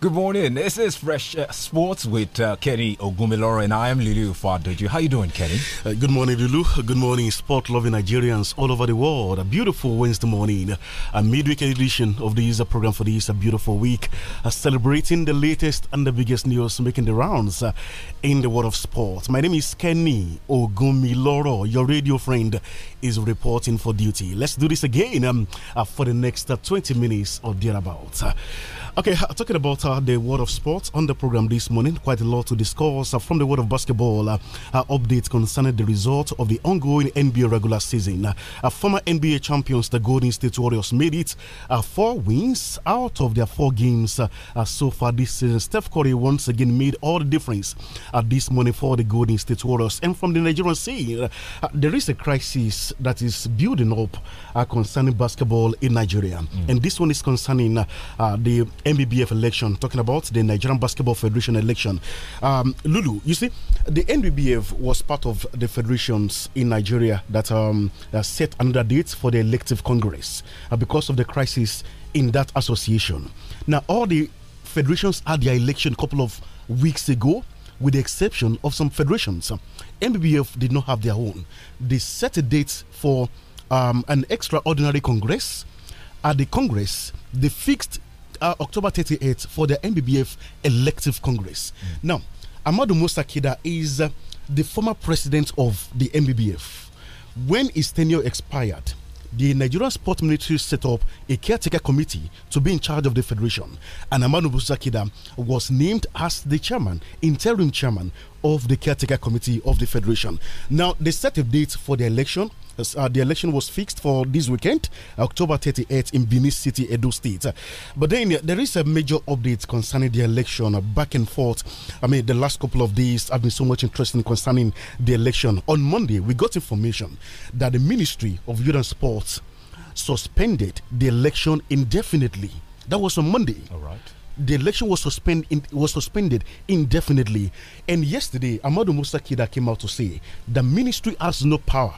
Good morning. This is Fresh Sports with uh, Kenny Ogumiloro, and I am Lulu Fadoju. How you doing, Kenny? Uh, good morning, Lulu. Uh, good morning, sport-loving Nigerians all over the world. A beautiful Wednesday morning, a midweek edition of the user program for this a beautiful week, uh, celebrating the latest and the biggest news making the rounds uh, in the world of sports. My name is Kenny Ogumiloro. Your radio friend is reporting for duty. Let's do this again um, for the next 20 minutes or thereabouts. Okay, talking about uh, the world of sports on the program this morning, quite a lot to discuss uh, from the world of basketball. Uh, uh updates concerning the result of the ongoing NBA regular season. Uh, uh, former NBA champions, the Golden State Warriors, made it four wins out of their four games so far this season. Steph Curry once again made all the difference this morning for the Golden State Warriors. And from the Nigerian scene, there is a crisis that is building up concerning basketball in Nigeria, mm. and this one is concerning the NBBF election, talking about the Nigerian Basketball Federation election. Um, Lulu, you see, the NBBF was part of the federations in Nigeria that, um, that set another date for the elective congress uh, because of the crisis in that association. Now, all the federations had their election a couple of weeks ago, with the exception of some federations. NBBF did not have their own. They set a date for um, an extraordinary congress. At the congress, they fixed uh, October 38th for the MBBF Elective Congress. Mm. Now, Amadou Musa Kida is uh, the former president of the MBBF. When his tenure expired, the Nigerian Sport Ministry set up a caretaker committee to be in charge of the federation, and Amanu Busakida was named as the chairman, interim chairman of the caretaker committee of the federation. Now, they set a date for the election uh, the election was fixed for this weekend, October 38th, in Benin City, Edo State. but then uh, there is a major update concerning the election uh, back and forth. I mean, the last couple of days have been so much interesting concerning the election. On Monday, we got information that the Ministry of Youth and Sports suspended the election indefinitely. That was on Monday. All right the election was suspended was suspended indefinitely. And yesterday, Amadou Musa came out to say the ministry has no power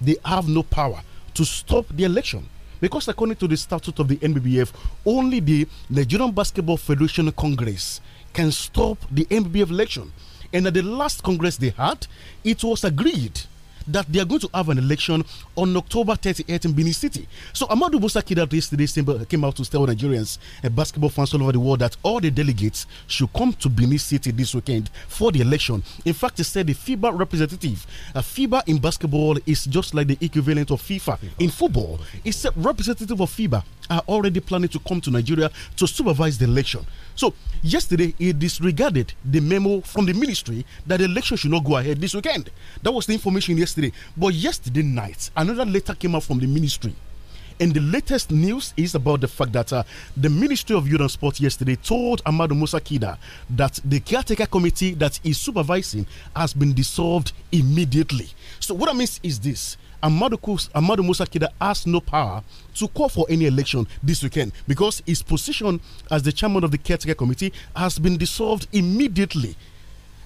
they have no power to stop the election. Because according to the statute of the NBBF, only the Nigerian Basketball Federation Congress can stop the NBBF election. And at the last Congress they had, it was agreed that they are going to have an election on October 38th in Benin City. So Amadou Bosa Kida yesterday came out to tell Nigerians and basketball fans all over the world that all the delegates should come to Benin City this weekend for the election. In fact, he said the FIBA representative, a uh, FIBA in basketball is just like the equivalent of FIFA, FIFA. in football. It's a representative of FIBA are already planning to come to Nigeria to supervise the election. So, yesterday, he disregarded the memo from the ministry that the election should not go ahead this weekend. That was the information yesterday. But yesterday night, another letter came out from the ministry. And the latest news is about the fact that uh, the Ministry of Youth and Sport yesterday told Amadu Musakida that the caretaker committee that is supervising has been dissolved immediately. So, what I mean is this Amadou Musa Kida has no power to call for any election this weekend because his position as the chairman of the caretaker committee has been dissolved immediately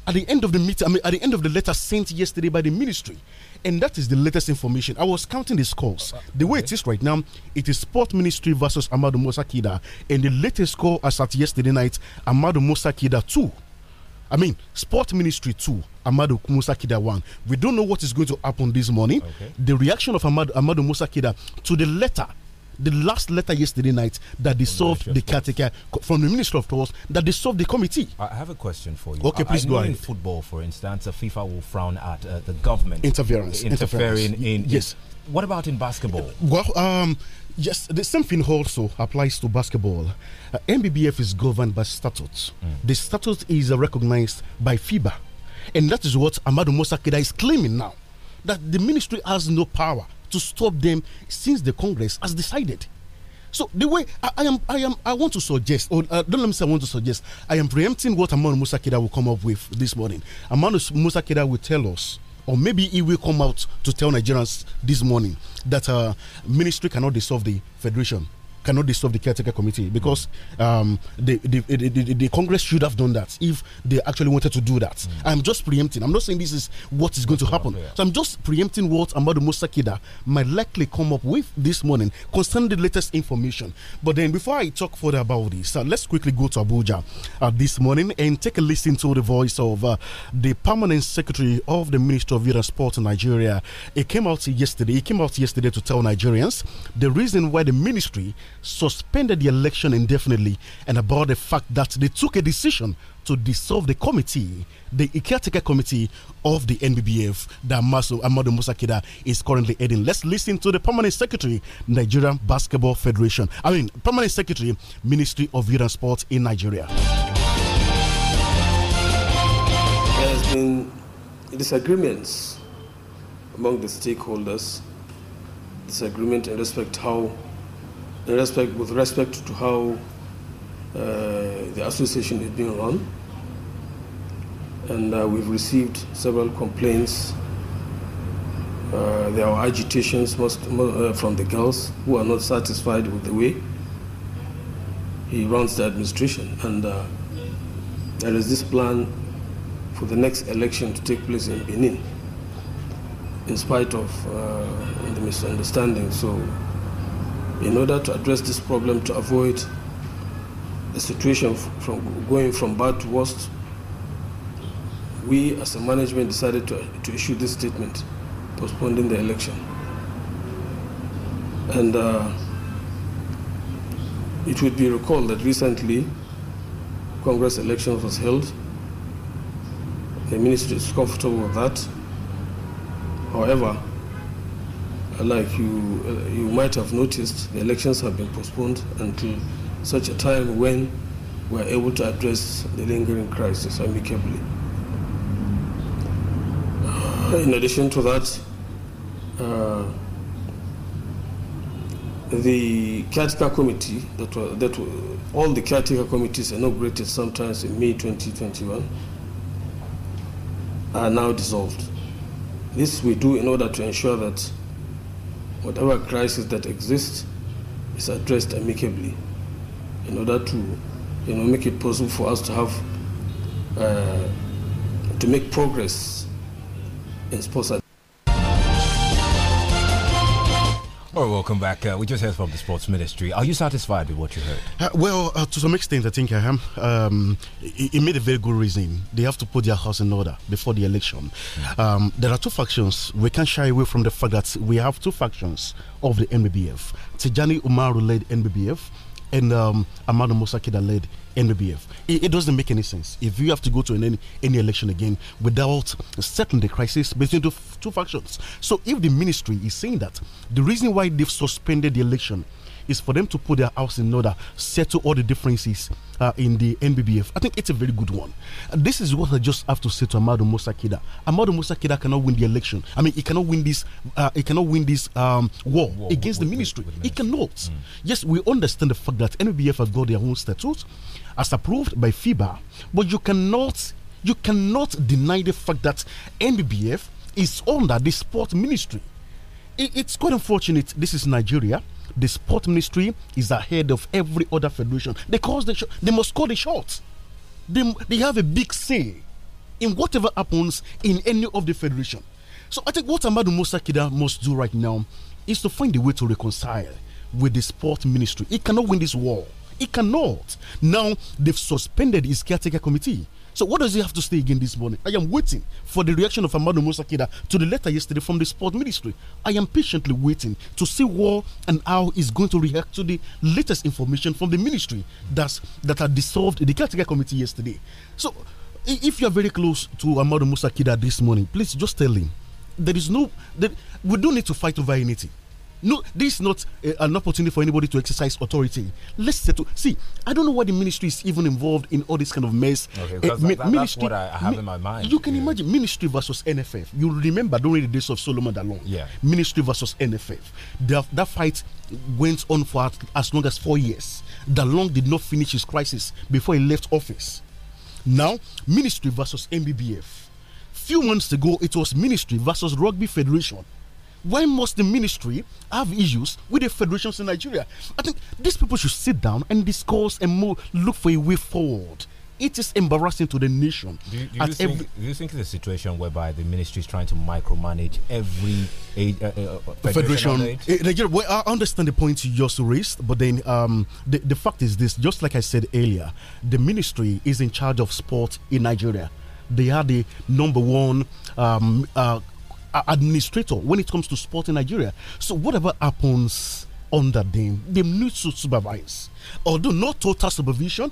at the end of the meeting, I mean, at the end of the letter sent yesterday by the ministry, and that is the latest information. I was counting the scores. Uh-huh. The way it is right now, it is Sport Ministry versus Amadou Musa Kida, and the latest score as at yesterday night, Amadou Musa Kida two. I mean, Sport Ministry too, Amado Musa Kida one. We don't know what is going to happen this morning. Okay. The reaction of Amado, Amado Musa Kida to the letter the last letter yesterday night that dissolved the, the caretaker from the Minister of Sports that dissolved the committee. I have a question for you. Okay, please I go ahead. In football, for instance, FIFA will frown at uh, the government interference, interfering interference. in. Yes. What about in basketball? Well, um, Yes, the same thing also applies to basketball. Uh, MBBF is governed by statutes. Mm. The statute is uh, recognized by FIBA. And that is what Amadou Mosakeda is claiming now that the ministry has no power to stop them since the Congress has decided. So the way I, I am, I am, I want to suggest, or uh, don't let me say I want to suggest, I am preempting what Amadou Mosakeda will come up with this morning. Amadou Mosakeda will tell us or maybe he will come out to tell Nigerians this morning that uh, ministry cannot dissolve the federation cannot dissolve the caretaker committee because um, the, the, the, the, Congress should have done that if they actually wanted to do that. Mm. I'm just preempting. I'm not saying this is what is going to happen. So I'm just preempting what Amadu Musakida might likely come up with this morning concerning the latest information. But then before I talk further about this, uh, let's quickly go to Abuja uh, this morning and take a listen to the voice of uh, the permanent secretary of the Ministry of Youth and Sport in Nigeria. It came out yesterday. He came out yesterday to tell Nigerians the reason why the ministry suspended the election indefinitely and about the fact that they took a decision to dissolve the committee, the caretaker committee of the NBBF that Maso Amadu Musakida is currently heading. Let's listen to the permanent secretary, Nigerian Basketball Federation. I mean, permanent secretary, Ministry of Youth and Sports in Nigeria. There has been disagreements among the stakeholders, disagreement in respect how respect, with respect to how uh, the association is being run. And uh, we've received several complaints. Uh, there are agitations most, from the girls who are not satisfied with the way he runs the administration. And uh, there is this plan for the next election to take place in Benin, in spite of uh, the misunderstanding. So in order to address this problem to avoid the situation from going from bad to worst, we as a management decided to, to issue this statement postponing the election. And uh, it would be recalled that recently Congress elections was held. The ministry is comfortable with that. However, like you, uh, you might have noticed, the elections have been postponed until such a time when we are able to address the lingering crisis amicably. Uh, in addition to that, uh, the caretaker committee, that, was, that was, all the caretaker committees inaugurated sometimes in May 2021, are now dissolved. This we do in order to ensure that whatever crisis that exists is addressed amicably in order to you know, make it possible for us to have uh, to make progress in sports All right, welcome back. Uh, we just heard from the sports ministry. Are you satisfied with what you heard? Uh, well, uh, to some extent, I think I am. Um, it, it, made a very good reason. They have to put their house in order before the election. Mm. Um, there are two factions. We can't shy away from the fact that we have two factions of the NBBF. Tijani Umaru led NBBF and um, Amado Musa Kida led NBF. It, it, doesn't make any sense if you have to go to an, any, any election again without settling the crisis between the two factions. So if the ministry is saying that the reason why they've suspended the election is for them to put their house in order, settle all the differences uh, in the NBBF. I think it's a very good one. this is what I just have to say to Amadu Musakida. Amadu Musakida cannot win the election. I mean, he cannot win this. Uh, he cannot win this um, war, war, against the ministry. he cannot. Mm. Yes, we understand the fact that NBBF has got their own statutes, as approved by FIBA, but you cannot. You cannot deny the fact that NBBF is under the sport ministry. it's quite unfortunate. This is Nigeria the sport ministry is ahead of every other federation because they, they must call the shots. They, they have a big say in whatever happens in any of the federation. So I think what Amadu Musa Kida must do right now is to find a way to reconcile with the sport ministry. It cannot win this war. It cannot. Now they've suspended his caretaker committee so what does he have to say again this morning? I am waiting for the reaction of Amadu Musakida to the letter yesterday from the sport ministry. I am patiently waiting to see what and how he's going to react to the latest information from the ministry that's that had dissolved the critical committee yesterday. So if you are very close to Amadu Musakida this morning, please just tell him there is no we don't need to fight over anything. No, this is not uh, an opportunity for anybody to exercise authority. Let's See, I don't know why the ministry is even involved in all this kind of mess. Okay, uh, that, that, ministry, that's what I have in my mind. You can yeah. imagine ministry versus NFF. You remember during the days of Solomon alone, yeah. ministry versus NFF. that fight went on for as long as four years. Dalong did not finish his crisis before he left office. Now, ministry versus MBBF. Few months ago, it was ministry versus Rugby Federation why must the ministry have issues with the federations in Nigeria? I think these people should sit down and discuss and more, look for a way forward it is embarrassing to the nation. Do, you, do you think, do you think it's a situation whereby the ministry is trying to micromanage every aid, uh, uh, uh federation? federation eh, aid? I understand the point you just raised, but then um, the, the fact is this just like I said earlier, the ministry is in charge of sport in Nigeria. They are the number one um, uh, administrator when it comes to sport in Nigeria. So whatever happens under them, they need to supervise. Although not total supervision,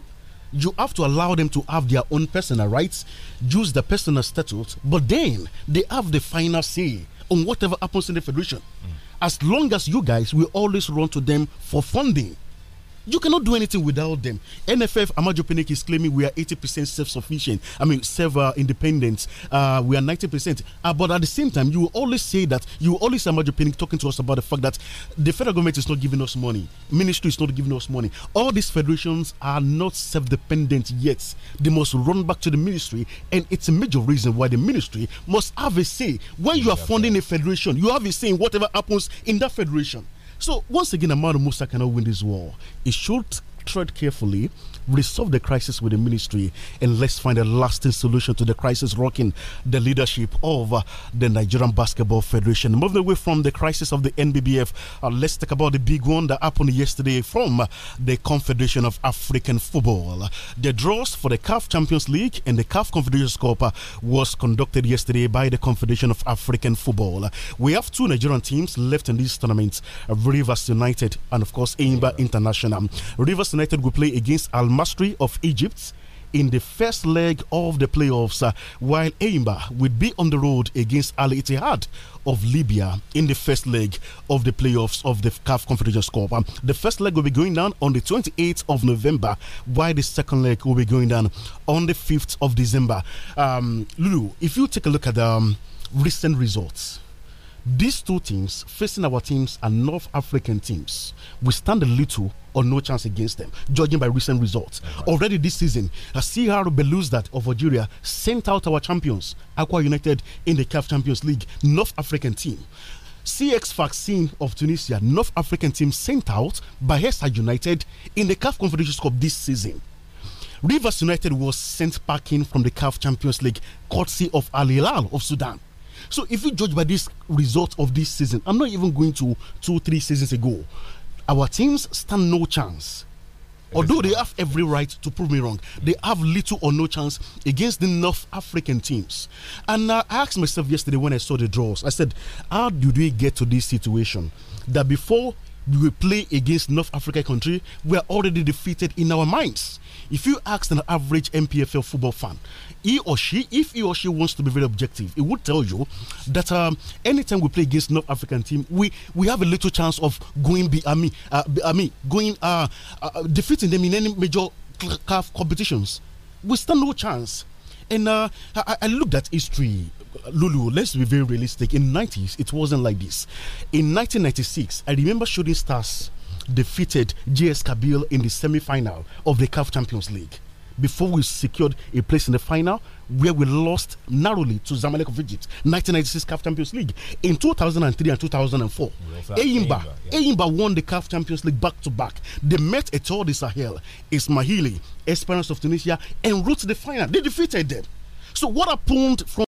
you have to allow them to have their own personal rights, use the personal statutes, but then they have the final say on whatever happens in the federation. Mm. As long as you guys will always run to them for funding you cannot do anything without them. NFF Amaju Pinnick is claiming we are 80% self-sufficient. I mean, self-independent. Uh, we are 90%. Uh, but at the same time, you will always say that you will always Amaju Pinnick talking to us about the fact that the federal government is not giving us money. Ministry is not giving us money. All these federations are not self-dependent yet. They must run back to the ministry, and it's a major reason why the ministry must have a say. When you are funding a federation, you have a say in whatever happens in that federation. So once again, Amara Musa cannot win this war. He should tread carefully, resolve the crisis with the ministry, and let's find a lasting solution to the crisis rocking the leadership of uh, the Nigerian Basketball Federation. Moving away from the crisis of the NBBF, uh, let's talk about the big one that happened yesterday from uh, the Confederation of African Football. The draws for the CAF Champions League and the CAF Confederation Cup uh, was conducted yesterday by the Confederation of African Football. We have two Nigerian teams left in this tournament uh, Rivers United and, of course, Imba International. Rivers United will play against Al Masri of Egypt in the first leg of the playoffs, uh, while Aimba would be on the road against Al Ittihad of Libya in the first leg of the playoffs of the CAF Confederations Cup. Um, the first leg will be going down on the 28th of November, while the second leg will be going down on the 5th of December. Um, Lulu, if you take a look at the um, recent results these two teams facing our teams are North African teams. We stand a little or no chance against them, judging by recent results. Right. Already this season, a CR Belouzdad of Algeria sent out our champions, Aqua United, in the CAF Champions League, North African team. CX vaccine of Tunisia, North African team sent out by Hesa United in the CAF Confederation Cup this season. Rivers United was sent packing from the CAF Champions League, courtesy of Al Hilal of Sudan. So if you judge by this result of this season, I'm not even going to two, three seasons ago. Our teams stand no chance. Although they have every right to prove me wrong, they have little or no chance against the North African teams. And I asked myself yesterday when I saw the draws, I said, How did we get to this situation that before we play against North Africa country, we are already defeated in our minds? If you ask an average MPFL football fan, he or she, if he or she wants to be very objective, it would tell you that um, anytime we play against North African team, we we have a little chance of going be I mean, uh, I mean going uh, uh, defeating them in any major cup competitions. We stand no chance. And uh, I, I looked at history Lulu, let's be very realistic. In 90s, it wasn't like this. In 1996, I remember Shooting Stars defeated JS Kabil in the semi-final of the CAF Champions League before we secured a place in the final where we lost narrowly to Zamalek of Egypt, 1996 CAF Champions League. In 2003 and 2004, Eyimba yeah. won the CAF Champions League back to back. They met all the Sahel, Ismahili, Esperance of Tunisia, and route the final. They defeated them. So what happened from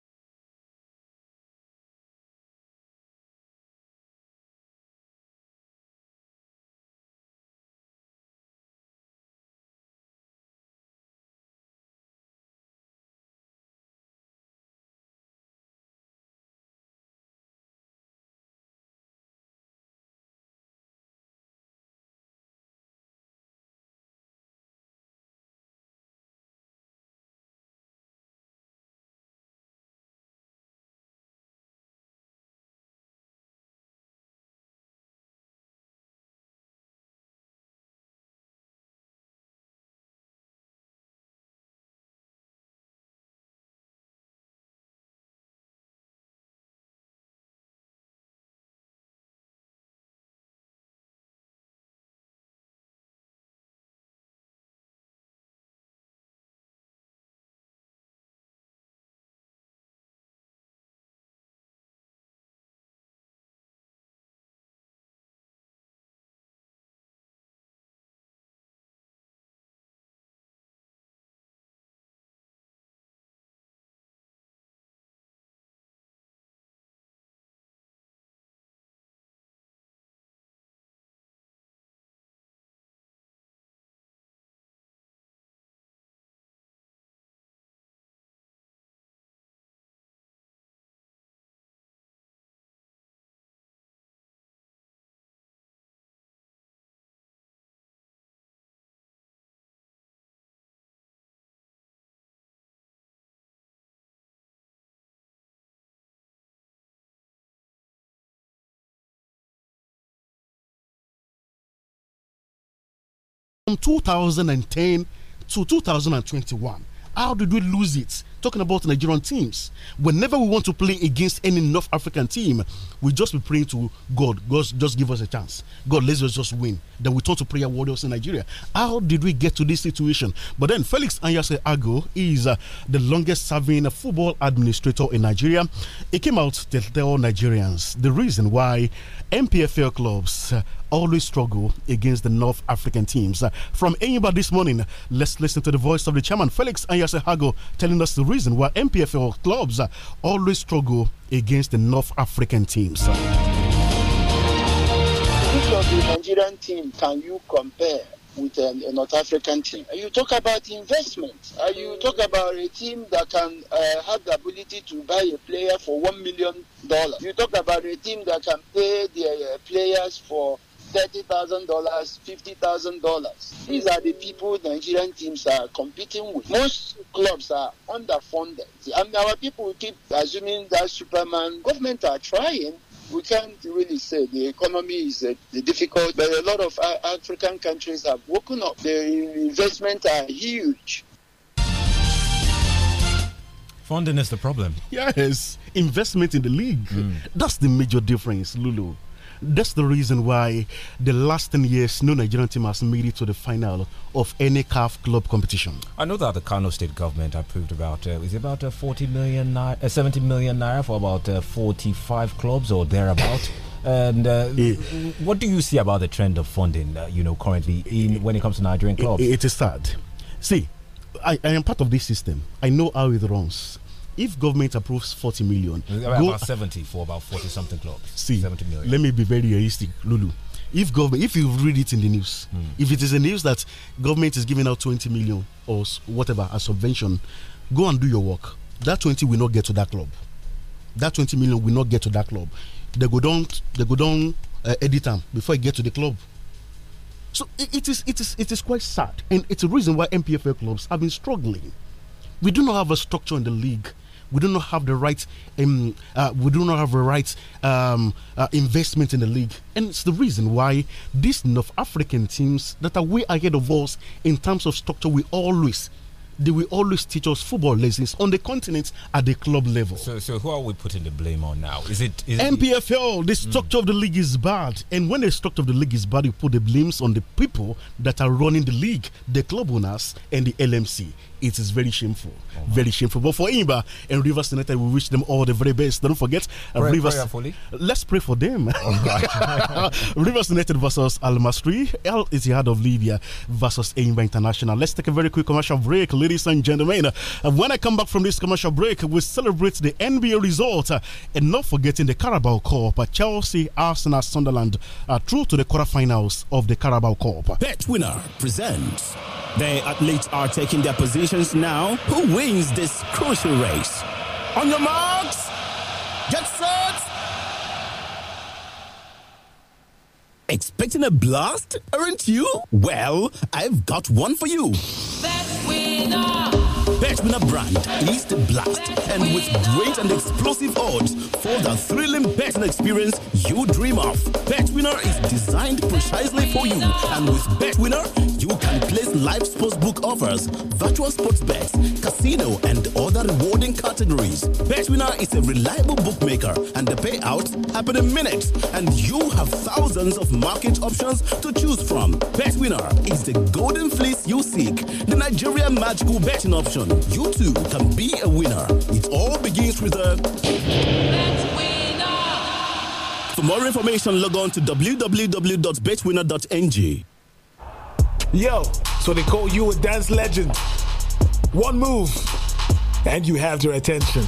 from 2010 to 2021. How did we lose it? Talking about Nigerian teams. Whenever we want to play against any North African team, we just be praying to God. God, just give us a chance. God, let us just win. Then we turn to prayer warriors in Nigeria. How did we get to this situation? But then Felix Anyase Ago is uh, the longest serving football administrator in Nigeria. He came out to tell Nigerians the reason why MPFL clubs. Uh, always struggle against the North African teams. Uh, from Enyimba this morning, let's listen to the voice of the chairman, Felix Anyasehago, telling us the reason why MPFL clubs uh, always struggle against the North African teams. Which of the Nigerian team can you compare with a, um, a, North African team. You talk about investment. Uh, you talk about a team that can uh, have the ability to buy a player for one million dollars. You talk about a team that can pay their uh, players for $30,000, $50,000. These are the people Nigerian teams are competing with. Most clubs are underfunded. And our people keep assuming that Superman government are trying we can't really say the economy is uh, difficult, but a lot of uh, African countries have woken up. The investments are huge. Funding is the problem. Yes, investment in the league. Mm. That's the major difference, Lulu. That's the reason why the last 10 years, no Nigerian team has made it to the final of any CAF club competition. I know that the Kano state government approved about, uh, is about uh, 40 million, uh, 70 million naira for about uh, 45 clubs or thereabout. And uh, yeah. what do you see about the trend of funding, uh, you know, currently in when it comes to Nigerian clubs? It, it is sad. See, I, I, am part of this system. I know how it runs if government approves 40 million, about 70 for about 40 something clubs. See, 70 million. Let me be very realistic, Lulu. If government, if you read it in the news, mm. if it is a news that government is giving out 20 million or whatever a subvention, go and do your work. That 20 will not get to that club. That 20 million will not get to that club. They go down, they go down, uh, edit them before it get to the club. So it, it is, it is, it is quite sad, and it's a reason why MPFL clubs have been struggling. We do not have a structure in the league we do not have the right um, uh, we do not have the right um, uh, investment in the league, and it's the reason why these North African teams that are way ahead of us in terms of structure we always they will always teach us football lessons on the continent at the club level. So, so who are we putting the blame on now? Is it is MPFL? The hmm. structure mm. of the league is bad, and when the structure of the league is bad, you put the blames on the people that are running the league, the club owners, and the LMC it is very shameful. Oh very shameful. But for Imba and Rivers United, we wish them all the very best. Don't forget, uh, pray, Rivers. Prayerfully. Let's pray for them. Oh, Rivers United versus Al Masri, the head of Libya versus Imba International. Let's take a very quick commercial break, ladies and gentlemen. Uh, when I come back from this commercial break, we celebrate the NBA result uh, and not forgetting the Carabao Cup. Uh, Chelsea, Arsenal, Sunderland are through to the quarterfinals of the Carabao Cup. Bet winner presents. They athletes are taking their position now. Who wins this crucial race? On your marks, get set. Expecting a blast, aren't you? Well, I've got one for you. Betwinner brand, East Blast, and with great and explosive odds for the thrilling betting experience you dream of. Betwinner is designed precisely for you, and with Betwinner, you can place live sportsbook offers, virtual sports bets, casino, and other rewarding categories. Betwinner is a reliable bookmaker, and the payouts happen in minutes. And you have thousands of market options to choose from. Betwinner is the golden fleece you seek, the Nigeria magical betting option. You too can be a winner. It all begins with a. let For more information, log on to www.betwinner.ng. Yo, so they call you a dance legend. One move, and you have their attention.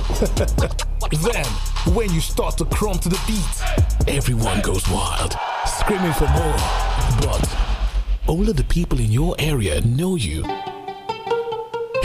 then, when you start to crumb to the beat, everyone goes wild, screaming for more. But all of the people in your area know you.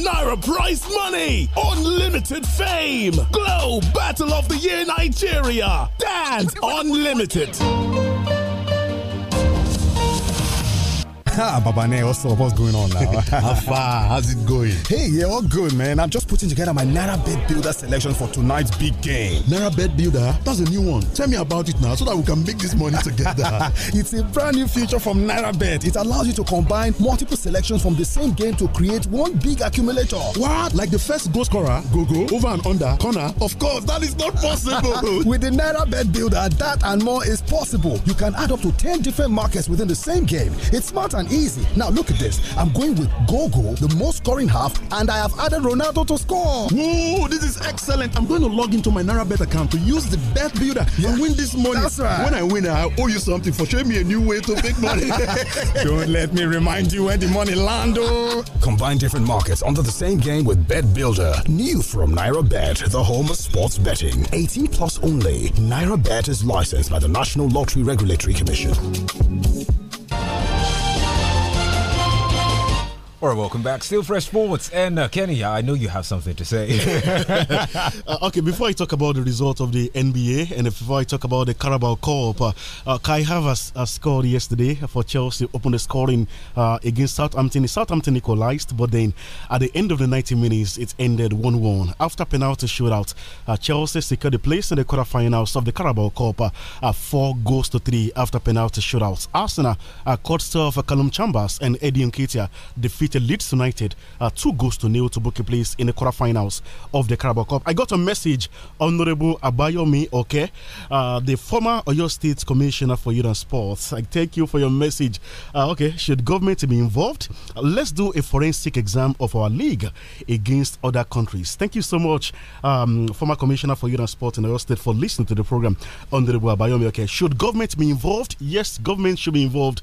Naira prize money, unlimited fame, Glow Battle of the Year Nigeria, Dance Unlimited. Baba Babane, what's up? What's going on now? How far? How's it going? Hey, yeah, all good, man. I'm just putting together my Naira Bed Builder selection for tonight's big game. Naira Bed Builder? That's a new one. Tell me about it now so that we can make this money together. it's a brand new feature from Naira Bet. It allows you to combine multiple selections from the same game to create one big accumulator. What? Like the first goal scorer, go go, over and under, corner? Of course, that is not possible. With the Naira Bet Builder, that and more is possible. You can add up to 10 different markets within the same game. It's smart and and easy. Now look at this. I'm going with Gogo, the most scoring half, and I have added Ronaldo to score. Whoa, this is excellent. I'm going to log into my NaraBet account to use the bet builder yeah. and win this money. That's right. When I win, I owe you something for showing me a new way to make money. Don't let me remind you where the money lando. Oh. Combine different markets onto the same game with Bet Builder. New from NaraBet, the home of sports betting. 18 plus only. NaraBet is licensed by the National Lottery Regulatory Commission. All right, welcome back. Still fresh sports. And uh, Kenny, I know you have something to say. uh, okay, before I talk about the result of the NBA and before I talk about the Carabao Cup, uh, uh Kai Havas uh, scored yesterday for Chelsea, opened the scoring uh, against Southampton. Southampton equalized, but then at the end of the 90 minutes, it ended 1 1. After penalty shootout, uh, Chelsea secured the place in the quarterfinals of the Carabao Cup, uh, 4 goals to 3 after penalty shootout. Arsenal uh, caught serve Callum Chambers and Eddie Nketiah defeated United Leeds United uh, two goals to nil to book a place in the quarterfinals of the Carabao Cup. I got a message, Honorable Abayomi Okay, uh, the former Oyo State Commissioner for Youth and Sports. I thank you for your message. Uh, okay, should government be involved? let's do a forensic exam of our league against other countries. Thank you so much, um, former Commissioner for Youth and Sports in Oyo State, for listening to the program, Honorable Abayomi Okay. Should government be involved? Yes, government should be involved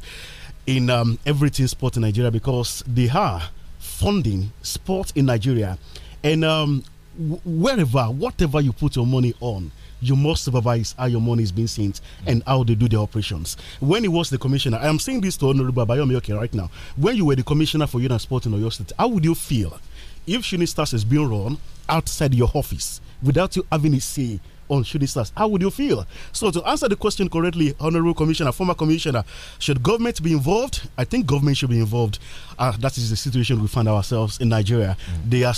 in um, everything sport in Nigeria because they are funding sport in Nigeria. And um, wherever, whatever you put your money on, you must supervise how your money is being sent and how they do their operations. When he was the commissioner, I am saying this to Honorable Bayomi okay, right now. When you were the commissioner for Union Sport in Oyo State, how would you feel if Shooting Stars is being run outside your office without you having a say on shooting stars, how would you feel? So, to answer the question correctly, Honorable Commissioner, former Commissioner, should government be involved? I think government should be involved. Uh, that is the situation we find ourselves in Nigeria. Mm. They are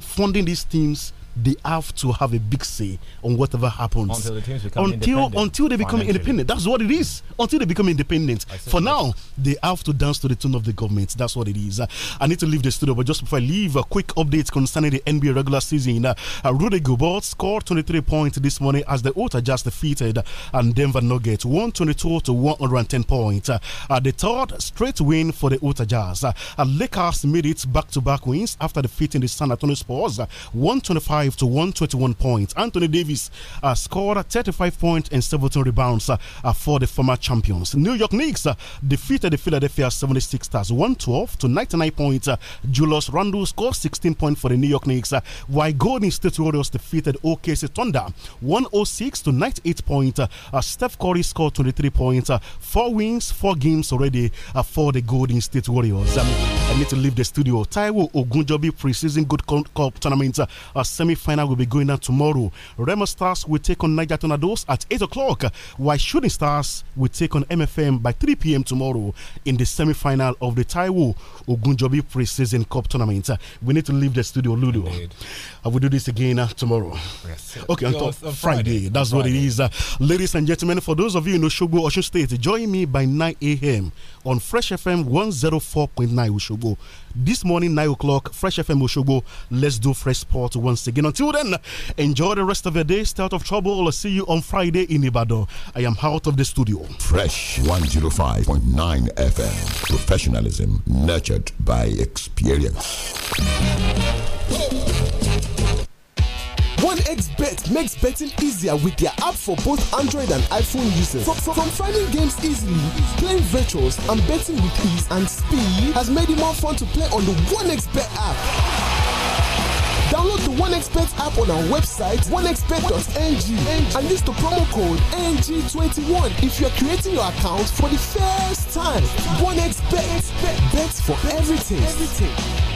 funding these teams they have to have a big say on whatever happens until the until, until they become independent. That's what it is. Until they become independent. For now, they have to dance to the tune of the government. That's what it is. Uh, I need to leave the studio, but just before I leave, a quick update concerning the NBA regular season. Uh, uh, Rudy Gobert scored 23 points this morning as the Utah Jazz defeated uh, and Denver Nuggets 122 to 110 points. Uh, uh, the third straight win for the Utah Jazz. Uh, Lakers made it back-to-back -back wins after defeating the San Antonio Spurs 125 to 121 points. Anthony Davis uh, scored 35 points and 17 rebounds uh, for the former champions. New York Knicks uh, defeated the Philadelphia 76ers 112 to 99 points. Uh, Julius Randle scored 16 points for the New York Knicks, uh, while Golden State Warriors defeated OKC Thunder 106 to 98 points. Steph Curry scored 23 points, four wins, four games already for the Golden State Warriors. Um, I need to leave the studio. Taiwo Ogunjobi preseason good cup tournament uh, semi semi-final will be going on tomorrow. Remo Stars will take on Niger Tornadoes at 8 o'clock, while Shooting Stars will take on MFM by 3 p.m. tomorrow in the semi-final of the Taiwo Ogunjobi Pre-Season Cup Tournament. We need to leave the studio, Lulu. Indeed. I uh, will do this again uh, tomorrow. Yes. Okay, until Friday. Friday. That's Friday. what it is. Uh, ladies and gentlemen, for those of you in Oshogo, Oshun State, join me by 9 a.m. on Fresh FM 104.9 Oshogo. This morning, 9 o'clock, Fresh FM Oshogo. Let's do Fresh Sport once again. Until then, enjoy the rest of your day. Stay out of trouble. I'll see you on Friday in Ibadan. I am out of the studio. Fresh 105.9 FM. Professionalism nurtured by experience. XBet makes betting easier with their app for both Android and iPhone users. From, from, from finding games easily, playing virtuals, and betting with ease and speed has made it more fun to play on the 1xBet app. Download the one app on our website, OneXBet.ng, and use the promo code NG21 if you are creating your account for the first time. one Bet bets for everything. everything.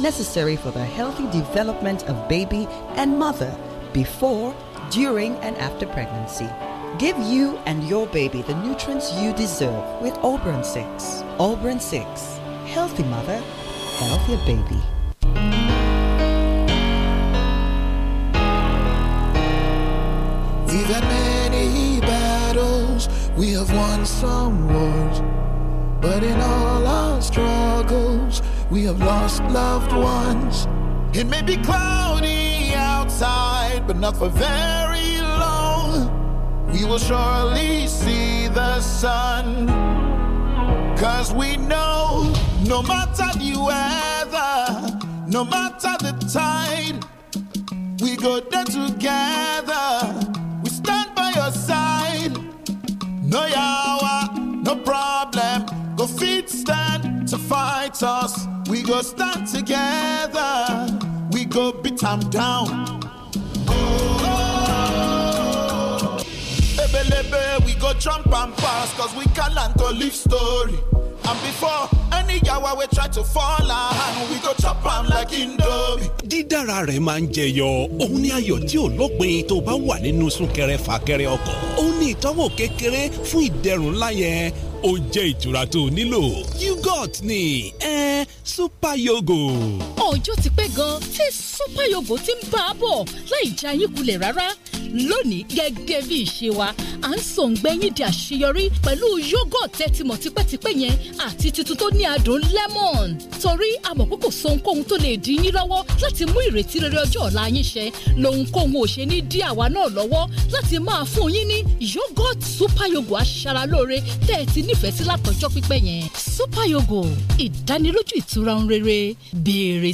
necessary for the healthy development of baby and mother before, during, and after pregnancy. Give you and your baby the nutrients you deserve with Auburn 6. Auburn 6. Healthy mother, healthier baby. We've had many battles, we have won some wars, but in all our struggles, we have lost loved ones. It may be cloudy outside, but not for very long. We will surely see the sun. Cause we know no matter the weather, no matter the tide, we go there together. We stand by your side. No yawa, no problem. to fight us. We go stand together. We go beat them down. Oh, oh oh Ebelebe, we go jump and pass, cause we can learn to live story. And before any yawa we try to fall and we go chop am like indomie. dídára rẹ̀ máa ń jẹyọ òun ní ayọ̀ tí ò lópin tó bá wà nínú súnkẹrẹ fàkẹrẹ ọkọ̀ òun ní ìtọ́wò kékeré fún ìdẹ̀rùn láyẹn ó jẹ́ ìtura tó nílò. Yugot ni ẹ eh, super yogo ọjọ́ ti pẹ́ gan tí super yogo ti ń bá a bọ̀ láì já yín kulẹ̀ rárá lónìí gẹ́gẹ́ bí ìṣe wa à ń sòǹgbẹ́yìn di àṣeyọrí pẹ̀lú yogurt ẹ ti mọ̀ tipẹ́tipẹ́ yẹn àti tuntun tó ní adùn lemon torí àmọ̀pé kò so ohunkóhun tó lè dí yín lọ́wọ́ láti mú ìrètí rere ọjọ́ ọ̀la yín ṣẹ lóhunkóhun ò ṣe ní dí àwa náà lọ́wọ́ láti máa fún yín ní yogurt super yogo aṣaralóore tẹ́ ẹ ti nífẹ̀ẹ́ sí látọjọ́ pípẹ́ yẹn super yogo ìdánilójú ìtura ń rere béèrè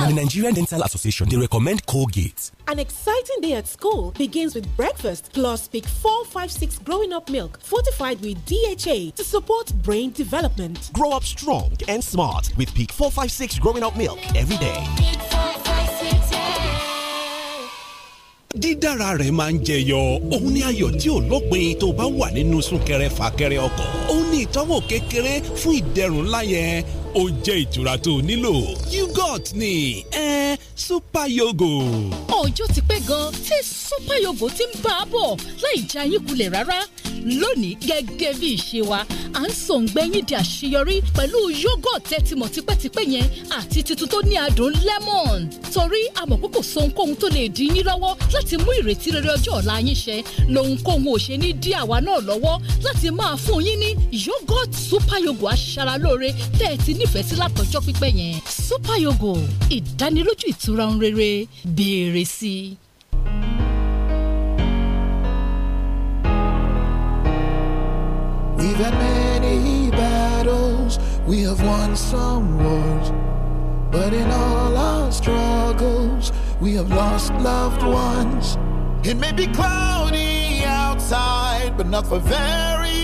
Now, the Nigerian Dental Association, they recommend Colgate. An exciting day at school begins with breakfast plus Peak 456 growing up milk fortified with DHA to support brain development. Grow up strong and smart with Peak 456 growing up milk every day. dídára rẹ̀ máa ń jẹyọ òun ni ayọ̀ tí ò lópin tó bá wà nínú súnkẹrẹ fàkẹrẹ ọkọ̀ òun ni ìtọ́wò kékeré fún ìdẹ̀rùn láyẹn ó jẹ́ ìtura tó nílò yogurt ni eh, super yogo. ọjọ́ ti pẹ́ gan tí super yogo ti ń bá a bọ̀ láì jẹ́ àyíkulẹ̀ rárá lónìí gẹ́gẹ́ bí ìṣe wa à ń sòǹgbẹ́yìn di àṣeyọrí pẹ̀lú yogurt ẹ tipẹ́tipẹ́ yẹn àti tuntun tó ní adùn lemon torí amọ̀kókò so ohunkóhun tó lè dín yín lọ́wọ́ láti mú ìrètí rere ọjọ́ ọ̀la yín ṣẹ lóhunkóhun ò ṣe ní dí àwa náà lọ́wọ́ láti máa fún yín ní yogurt super yogo aṣaralóore tẹ́ ní nífẹ̀ẹ́ sí látọjọ́ pípẹ́ yẹn super yogo ìdánilójú ìtura ohun rere béèrè sí i. We've had many battles, we have won some wars. But in all our struggles, we have lost loved ones. It may be cloudy outside, but not for very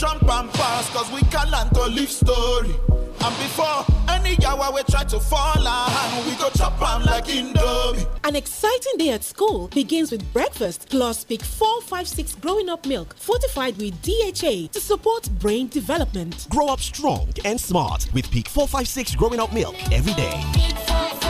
jump and pass, cause we can land to live story. And before any yawa we try to fall we go chop like indomie. An exciting day at school begins with breakfast plus Peak 456 growing up milk fortified with DHA to support brain development. Grow up strong and smart with Peak 456 growing up milk every day.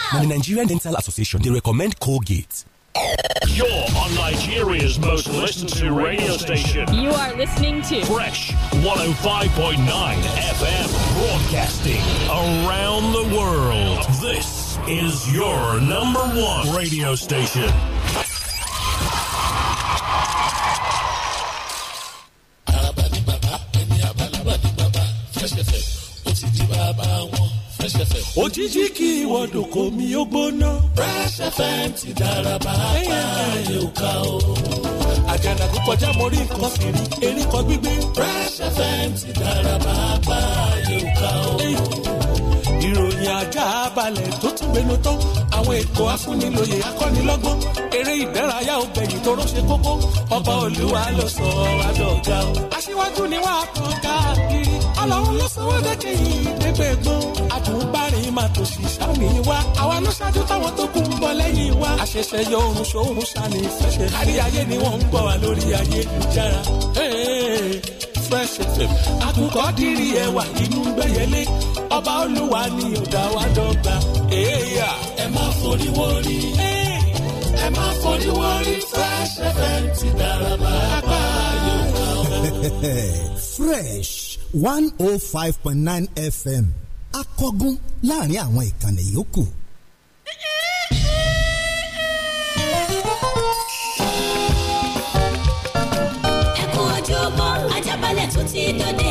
Now, the Nigerian Dental Association, they recommend Colgate. You're on Nigeria's most listened to radio station. You are listening to Fresh 105.9 FM broadcasting around the world. This is your number one radio station. Fresh Fresh FM. òjijì kí ìwọ́dọ̀ kò mí ó gbóná. Fresh FM ti dára pàápàá yóò ká o. àjànà kó kọjá mo rí nǹkan fìrí erin kan gbígbé. Fresh FM ti dára pàápàá yóò ká o. ìròyìn ajá balẹ̀ tó tún gbénu tán àwọn ètò afúnilòyè akọ́nilọ́gbọ́n eré ìdárayá obìnrin tó rọ́ṣẹ́ kókó ọba olúwa ló sọ ọ́ adọ̀gá o. aṣíwájú ni wàá kàn káàkiri ọlọ́run ló sanwó dẹ́kẹ́ yìí dẹ́gbẹ́ gbó. àtúbárìn máa tò sí sámi wá. àwa ló ṣáájú táwọn tó kù ń bọ̀ lẹ́yìn wá. àṣẹ̀ṣẹ̀ yọ oorun ṣòun ṣàní ìfẹsẹ̀. káríayé ni wọ́n ń gbọ́ wa lórí ayélujára. Fresh FM àkùkọ dìrì ẹwà inú gbẹ̀yẹlé ọba olúwa ni ó wa dọ́gba. ẹ má forí wọrí ẹ má forí wọrí Fresh FM ti dára pàápàá yóò kàn án. Fresh one oh five point nine fm akọ́gun láàrin àwọn ìkànnì yòókù. ẹkún ojúbọ ajabale tó ti dòde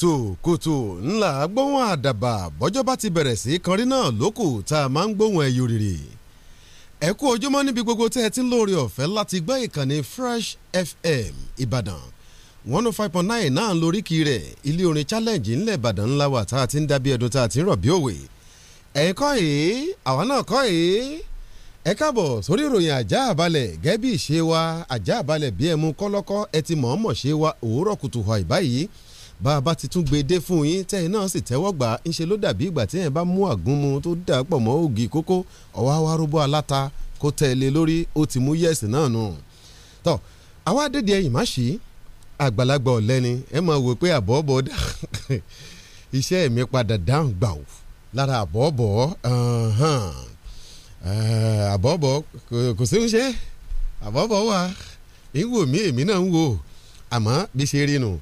kùtùkùtù ńlá gbóhùn àdàbà bọ́jọ́ bá ti bẹ̀rẹ̀ sí kanrí náà lókù tá a máa ń gbóhùn ẹyọ rírì ẹ kú ojúmọ́ níbi gbogbo tẹ́ ẹ ti ń lóore ọ̀fẹ́ láti gbọ́ ìkànnì Fresh FM Ìbàdàn one oh five point nine náà lórí kiri rẹ̀ ilé orin challenge ńlẹ̀ Ìbàdàn ńlá wa tá a ti ń dábí ẹdun tá a ti ń rọ̀bí òwe ẹ̀yin kọ́ yìí àwa náà kọ́ yìí ẹ káàbọ̀ sórí ìròyìn ajá àbálẹ̀ gẹ́bí ìṣe wa ajá àbálẹ̀ bí ẹ mú kọ́lọ́kọ́ ẹ ti mọ̀ọ́mọ̀ ṣe wa òwúrọ̀ kùtù hàn ìbáyìí bá a bá ti tún gbede fún yín tẹ́yìn náà sì tẹ́wọ́ gbà ń ṣe ló dàbí ìgbà tí yẹn bá mú àgúnmu tó dà pọ̀ mọ́ ògì kókó ọ̀wá wa rúbọ aláta kó tẹ̀lé lórí ó ti mú yẹ̀sì náà nù. tọ́ àwa dédé ẹ̀yìn má ṣí àgbàlagbà ọ̀lẹ́ni ẹ máa wò pé àbọ̀bọ̀ dà iṣẹ́ mi padà dáhùn gbà ó lára àbọ̀bọ̀ àbọ̀bọ̀ kò sí ń ṣe wà ń wò mí èmi náà ń wò àmọ́ bí ṣe rí nù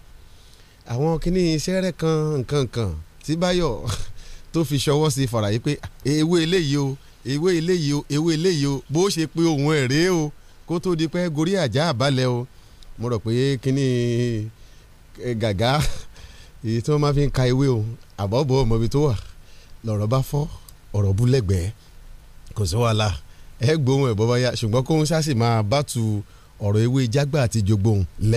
àwọn kìíní iṣẹ́ kan nǹkan kan tí báyọ̀ tó fi ṣọwọ́ sí fara yìí pé ewé eléyìí o ewé eléyìí o ewé eléyìí o bó ṣe pé òun ẹ̀ rèé o kó tó di pé gorí àjà àbálẹ̀ o mo rò pé kìíní eh, gàgá èyí tí wọ́n máa fi ń ka ewé o àbọ̀bọ̀ ọmọbi tó wà lọ̀rọ̀ bá fọ́ ọ̀rọ̀ bú lẹ́gbẹ̀ẹ́ kò sí wàhálà ẹ gbóhùn ẹ̀ bọ́ bá ṣùgbọ́n kóhun ṣáà sì máa bá tu ọ̀rọ̀ ewé jágbá àti jogbo lẹ́gbẹ̀ẹ́.